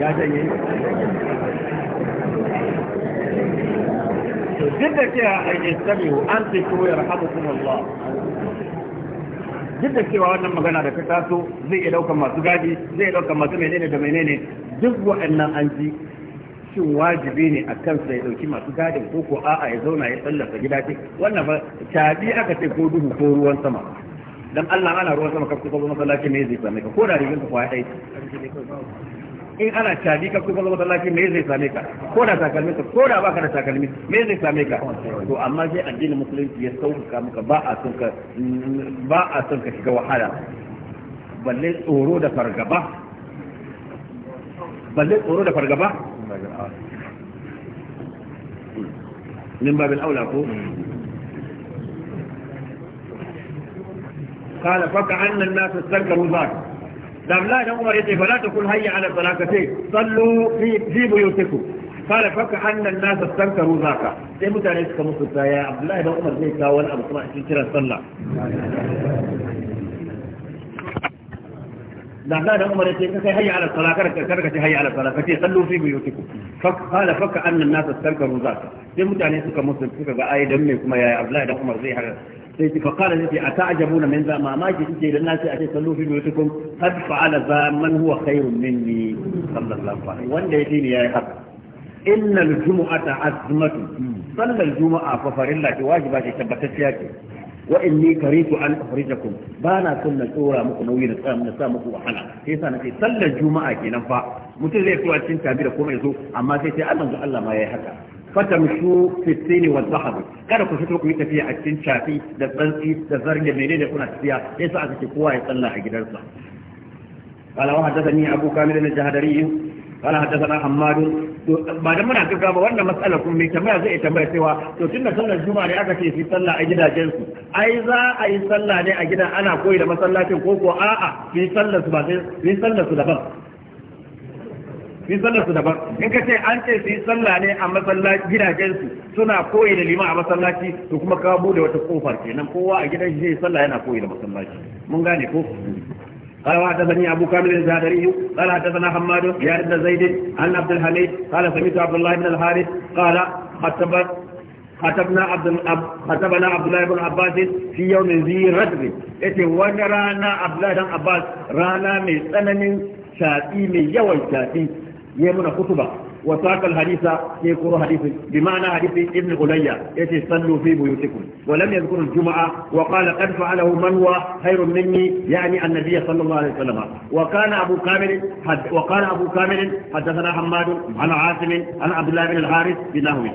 ya janye duk da cewa an yi an ce ko ya kuma Allah duk da cewa wannan magana da ka taso zai iya daukan masu gadi zai iya daukan masu menene da menene duk waɗannan an ji shin wajibi ne a kansa ya dauki masu gadin ko ko a'a ya zauna ya tsallaka gida ce wannan ba tabi aka ce ko duhu ko ruwan sama dan Allah ana ruwan sama ka kusa masallaci me zai same ka ko da rigin ka kwa dai in ana tabi ka kusa masallaci me zai same ka ko da takalmi ka ko da baka da takalmi me zai same ka to amma sai addinin musulunci ya sauka maka ba a son ka ba a son ka shiga wahala balle tsoro da fargaba balle tsoro da fargaba باب الأولى من باب الأولى أقول قال فكأن الناس استنكروا ذاك دام نعم، لا عمر يتي فلا تقول هيا على الصلاة صلوا في, في بيوتكم قال فكأن الناس استنكروا ذاك sai mutane suka musu ta ya abdullahi dan umar zai kawo da ka da umar yace kai hayya ala salat kar ka kar ka ce hayya ala salat kace sallu fi buyutikum fa qala fa ka anna an-nas tastalkaru zaka sai mutane suka musu suka ga ai dan me kuma yayi Abdullahi da Umar zai a sai ki fa qala yace ata'jabuna min za mamaki kike dan nasi ake sallu fi buyutikum qad fa'ala za man huwa khairun minni sallallahu alaihi wanda yace ni wa inni karitu an ukhrijakum ba na son na tsora muku nauyi na sa na sa muku wahala sai yasa nake sallar juma'a kenan fa mutum zai fito a cikin tabi da ya zo amma sai sai Allah Allah ma yayi haka fatamshu fi sini wal bahr kada ku fito kuyi tafiya a cikin tafi da tsantsi da zarge menene kuna tafiya sai sa aka ce kowa ya tsalla a gidansa قال وحدثني أبو كامل الجهدري قال حدثنا حماد بعد muna نحكي ba wannan matsalar kun mai tambaya zai tambaya cewa to tunda sallar juma'a ne aka ce fi sallah a gidajen su ai za a yi sallah ne a gidan ana koyi da masallacin ko ko a'a fi sallar su ba sai fi sallar su daban fi sallar su daban in ka ce an ce fi sallah ne a masallacin gidajen su suna koyi da liman a masallaci to kuma ka bude wata kofar kenan kowa a gidan shi zai sallah yana koyi da masallaci mun gane ko قال حدثني ابو كامل الزهري قال حدثنا حماد يا ابن زيد عن عبد الحميد قال سمعت عبد الله بن الحارث قال خطبت خطبنا عبد خطبنا عبد الله بن عباس في يوم ذي رجب اتي ونرانا عبد الله بن عباس رانا من سنن شاقي من يوم شاقي يمنا خطبه وساق الحديث يذكر حديث بمعنى حديث ابن عليا يتي صلوا في بيوتكم ولم يذكر الجمعة وقال قد فعله من هو خير مني يعني النبي صلى الله عليه وسلم وكان أبو كامل وقال أبو كامل حدثنا حماد عن عاصم عن عبد الله بن الحارث بنحوه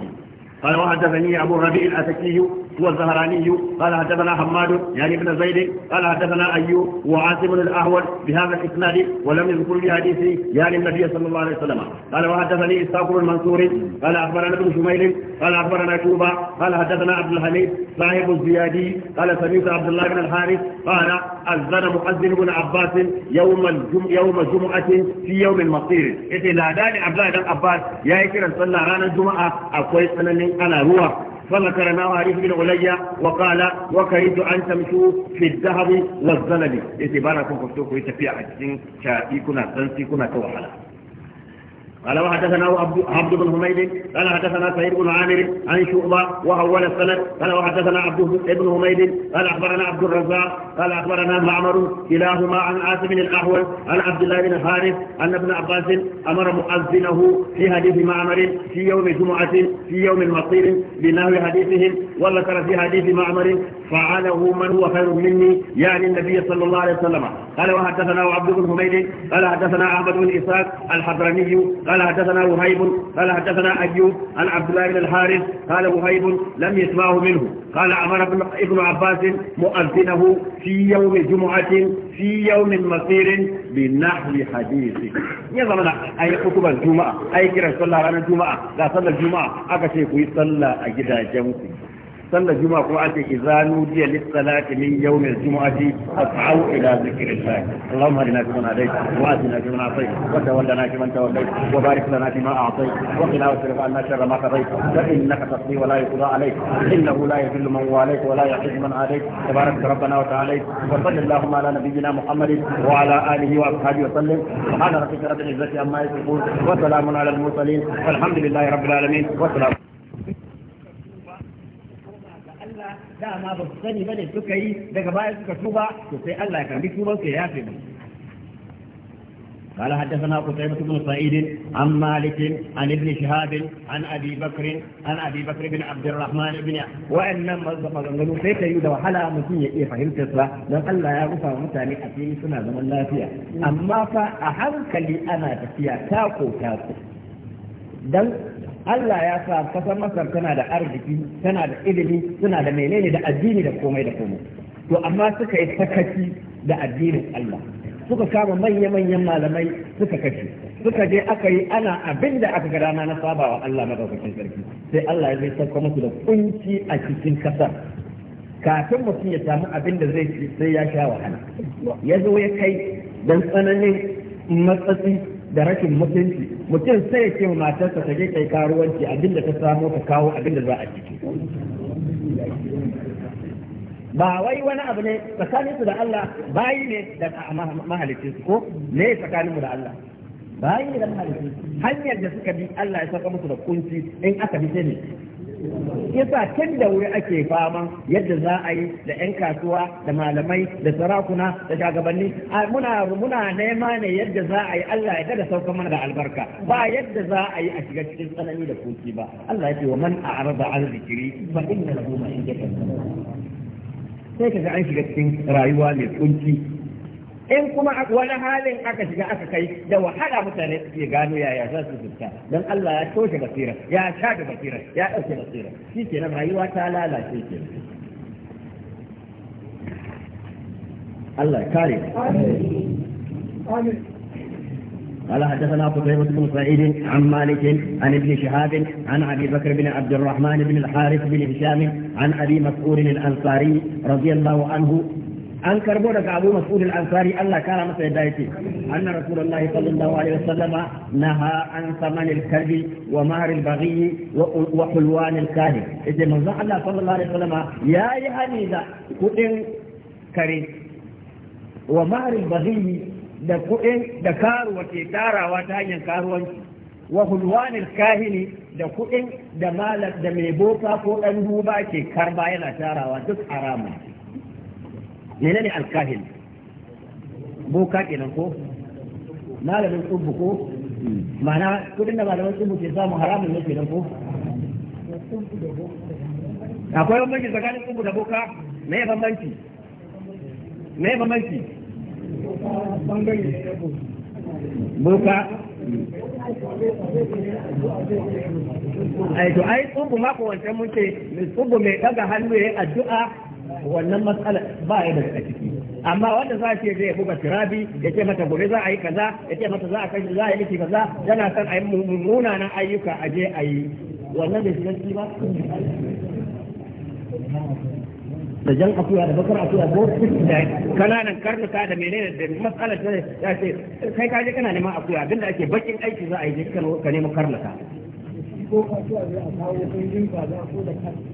قال وحدثني أبو الربيع الأتكي هو الزهراني قال حدثنا حماد يعني ابن زيد قال حدثنا أيوب وعاصم الأهول بهذا الإسناد ولم يذكر في حديثه يعني النبي صلى الله عليه وسلم قال وحدثني إسحاق بن منصور قال أخبرنا ابن شميل قال أخبرنا كوبا قال حدثنا عبد الحميد صاحب الزيادي قال سميت عبد الله بن الحارث قال أذن مؤذن بن عباس يوم الجمعة يوم الجمعة في يوم المصير إذا لا داني عبد الله بن عباس يا يكرم صلى رانا الجمعة أكويس أنني أنا هو فذكر ما عارف بن علي وقال وكرهت أن تمشوا في الذهب والذنب إتباركم إيه، فتوكوا يتفيع أجسين شائكنا تنسي كنا توحلا قال وحدثنا عبد بن حميد قال حدثنا سعيد بن عامر عن شعبة وأول السند قال وحدثنا عبد بن حميد قال أخبرنا عبد الرزاق قال أخبرنا معمر كلاهما عن عاصم الأحول عن عبد الله بن الحارث أن ابن عباس أمر مؤذنه في حديث معمر في يوم جمعة في يوم مصير بنحو حديثهم وذكر في حديث معمر فعله من هو خير مني يعني النبي صلى الله عليه وسلم قال وحدثنا عبد بن حميد قال حدثنا أحمد بن إسحاق الحضرمي قال قال حدثنا وهيب قال حدثنا أيوب عن عبد الله بن الحارث قال وهيب لم يسمعه منه قال عمر ابن عباس مؤذنه في يوم جمعة في يوم مصير بنحو حديثه يا زمنا أي خطبة الجمعة أي كرة صلى على الجمعة لا صلى الجمعة أكشف يصلى أجدا جمعه صلى جمعة kuma إذا نودي للصلاة من يوم الجمعة أسعوا إلى ذكر الله اللهم اهدنا فيمن هديت وآتنا فيمن أعطيت وتولنا فيمن توليت وبارك لنا فيما أعطيت وقنا واصرف عنا شر ما قضيت فإنك تقضي ولا يقضى عليك إنه لا يذل من واليت ولا يعز من عليك تبارك ربنا وتعاليت وصل اللهم على نبينا محمد وعلى آله وأصحابه وسلم سبحان ربك رب العزة عما يصفون وسلام على المرسلين والحمد لله رب العالمين وسلام dama ba su sani bane suka yi daga baya suka tuba to sai Allah ya karbi tuban su ya yafe musu قال حدثنا قتيبة بن سعيد عن مالك عن ابن شهاب عن أبي بكر عن أبي بكر بن عبد الرحمن بن وإن مزق غنغلو سيك يود وحلا مسيح إيه فهمت سلا لأن الله يغفى متاني أتيني سنة زمن لا فيها أما فأحرك لي أنا تفيا تاكو تاكو دل Allah ya sa kasar Masar tana da arziki tana da ilimi tana da menene da addini da komai da komai to amma suka yi sakaci da addinin Allah suka kama manya-manyan malamai suka kashe suka je aka yi ana abin da aka gada na saba wa Allah madaukakin sarki sai Allah ya zai sauka musu da kunci a cikin kasar kafin mutum ya samu abin da zai sai ya sha wahala ya zo ya kai don tsananin matsatsi da rashin mutunci mutum sai ya ce matarsa ta je kai karuwanci abinda ta samo ka kawo abinda za a ciki ba wai wani abu ne tsakaninsu da Allah bayi ne da su ko ne tsakaninmu da Allah bayi ne da su, hanyar da suka bi Allah ya saka musu da kunci in aka bi sai ne yasa tun da wuri ake fama yadda za a yi da 'yan kasuwa da malamai da sarakuna da shagabanni muna muna nema ne yadda za a yi Allah ya kada sauka mana da albarka ba yadda za a yi a shiga cikin tsanani da kuki ba Allah ya ce wa man a'rada an zikiri fa inna lahu ma'idatan sai kaga an shiga cikin rayuwa mai kunci in kuma wani halin aka shiga aka kai da wahala mutane suke gano yaya za su fita don Allah ya toshe basira ya shaga basira ya ɗauke basira shi kenan rayuwa ta lalace kenan الله كريم قال حدثنا قتيبة بن سعيد عن مالك عن ابن شهاب عن ابي بكر بن عبد الرحمن بن الحارث بن هشام عن ابي مسعود الانصاري رضي الله عنه an karbo daga Abu Mas'ud al-Ansari Allah kara masa yadda yake anna Rasulullah sallallahu alaihi wasallam naha an saman al-kalbi wa mahr al-baghi wa hulwan al-kahin idan manzo Allah sallallahu alaihi wasallam yi hani da kudin kare wa mahr baghi da kudin da karuwa ke tarawa ta hanyar karuwanci wa hulwan al da kudin da malam da mai boka ko dan duba ke karba yana tarawa duk haramun menene alkahil boka kenan ko malamin tsubu ko mana kudin da malamin tsubu ke samu haramun ne kenan ko akwai bambanci tsakanin tsubu da boka me ya bambanci me ya bambanci boka ai to ai tsubu mako wancan mun ce tsubu mai daga hannu ya addu'a wannan matsala ba ya daga ciki amma wanda za ce zai buga tirabi ya ce mata gobe za a yi kaza ya ce mata za a kashi za a yi miki kaza yana son a yi munanan ayyuka a je a yi wannan bai shiga ciki ba da jan akuya da bakar akuya ko da kananan karnuka da menene da matsalar ta ya ce kai ka je kana neman akuya da ake bakin aiki za a yi ka neman karnuka ko akuya zai a kawo kun jinka da ko da karnuka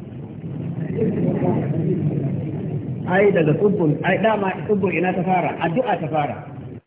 ai daga tsubbun ai dama tsubbun ina ta fara addu'a ta fara